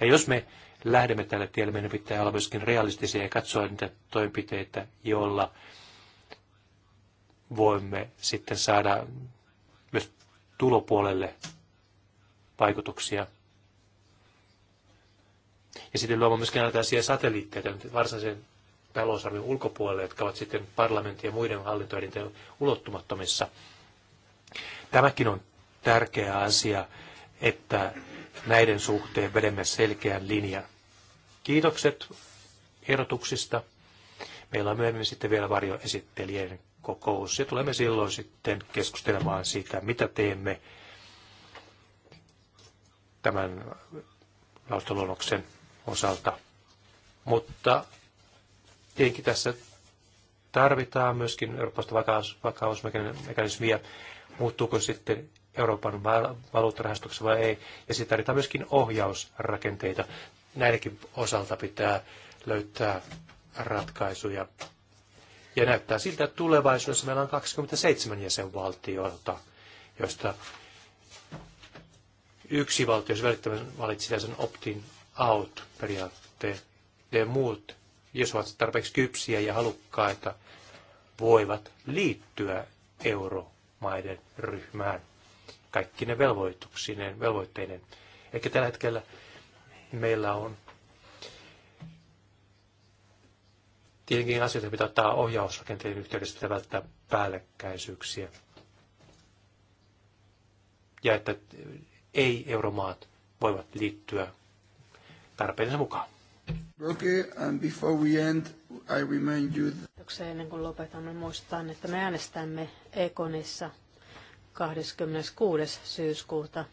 Ja jos me lähdemme tälle tielle, meidän pitää olla myöskin realistisia ja katsoa niitä toimenpiteitä, joilla voimme sitten saada myös tulopuolelle vaikutuksia. Ja sitten luomaan myöskin näitä asia satelliitteita varsinaisen talousarvion ulkopuolelle, jotka ovat sitten parlamentin ja muiden hallintoelinten ulottumattomissa. Tämäkin on tärkeä asia, että näiden suhteen vedemme selkeän linjan. Kiitokset ehdotuksista. Meillä on myöhemmin sitten vielä varjoesittelijän kokous ja tulemme silloin sitten keskustelemaan siitä, mitä teemme tämän lausuntoluonnoksen osalta. Mutta tietenkin tässä tarvitaan myöskin Euroopasta vakaus, vakausmekanismia, muuttuuko sitten Euroopan valuuttarahastoksi vai ei, ja sitten tarvitaan myöskin ohjausrakenteita. Näidenkin osalta pitää löytää ratkaisuja. Ja näyttää siltä, että tulevaisuudessa meillä on 27 jäsenvaltiota, joista yksi valtio, jos välittömästi valitsi sen optin out periaatteet muut, jos ovat tarpeeksi kypsiä ja halukkaita, voivat liittyä euromaiden ryhmään kaikki ne velvoituksineen, velvoitteinen. Ehkä tällä hetkellä meillä on tietenkin asioita, pitää ottaa ohjausrakenteen yhteydessä, pitää välttää päällekkäisyyksiä. Ja että ei-euromaat voivat liittyä tarpeensa mukaan. Okay, and before we end, I remind you... Ennen kuin lopetamme, muistetaan, että me äänestämme Ekonissa 26. syyskuuta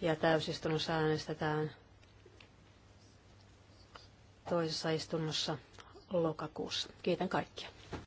ja täysistunnossa äänestetään toisessa istunnossa lokakuussa. Kiitän kaikkia.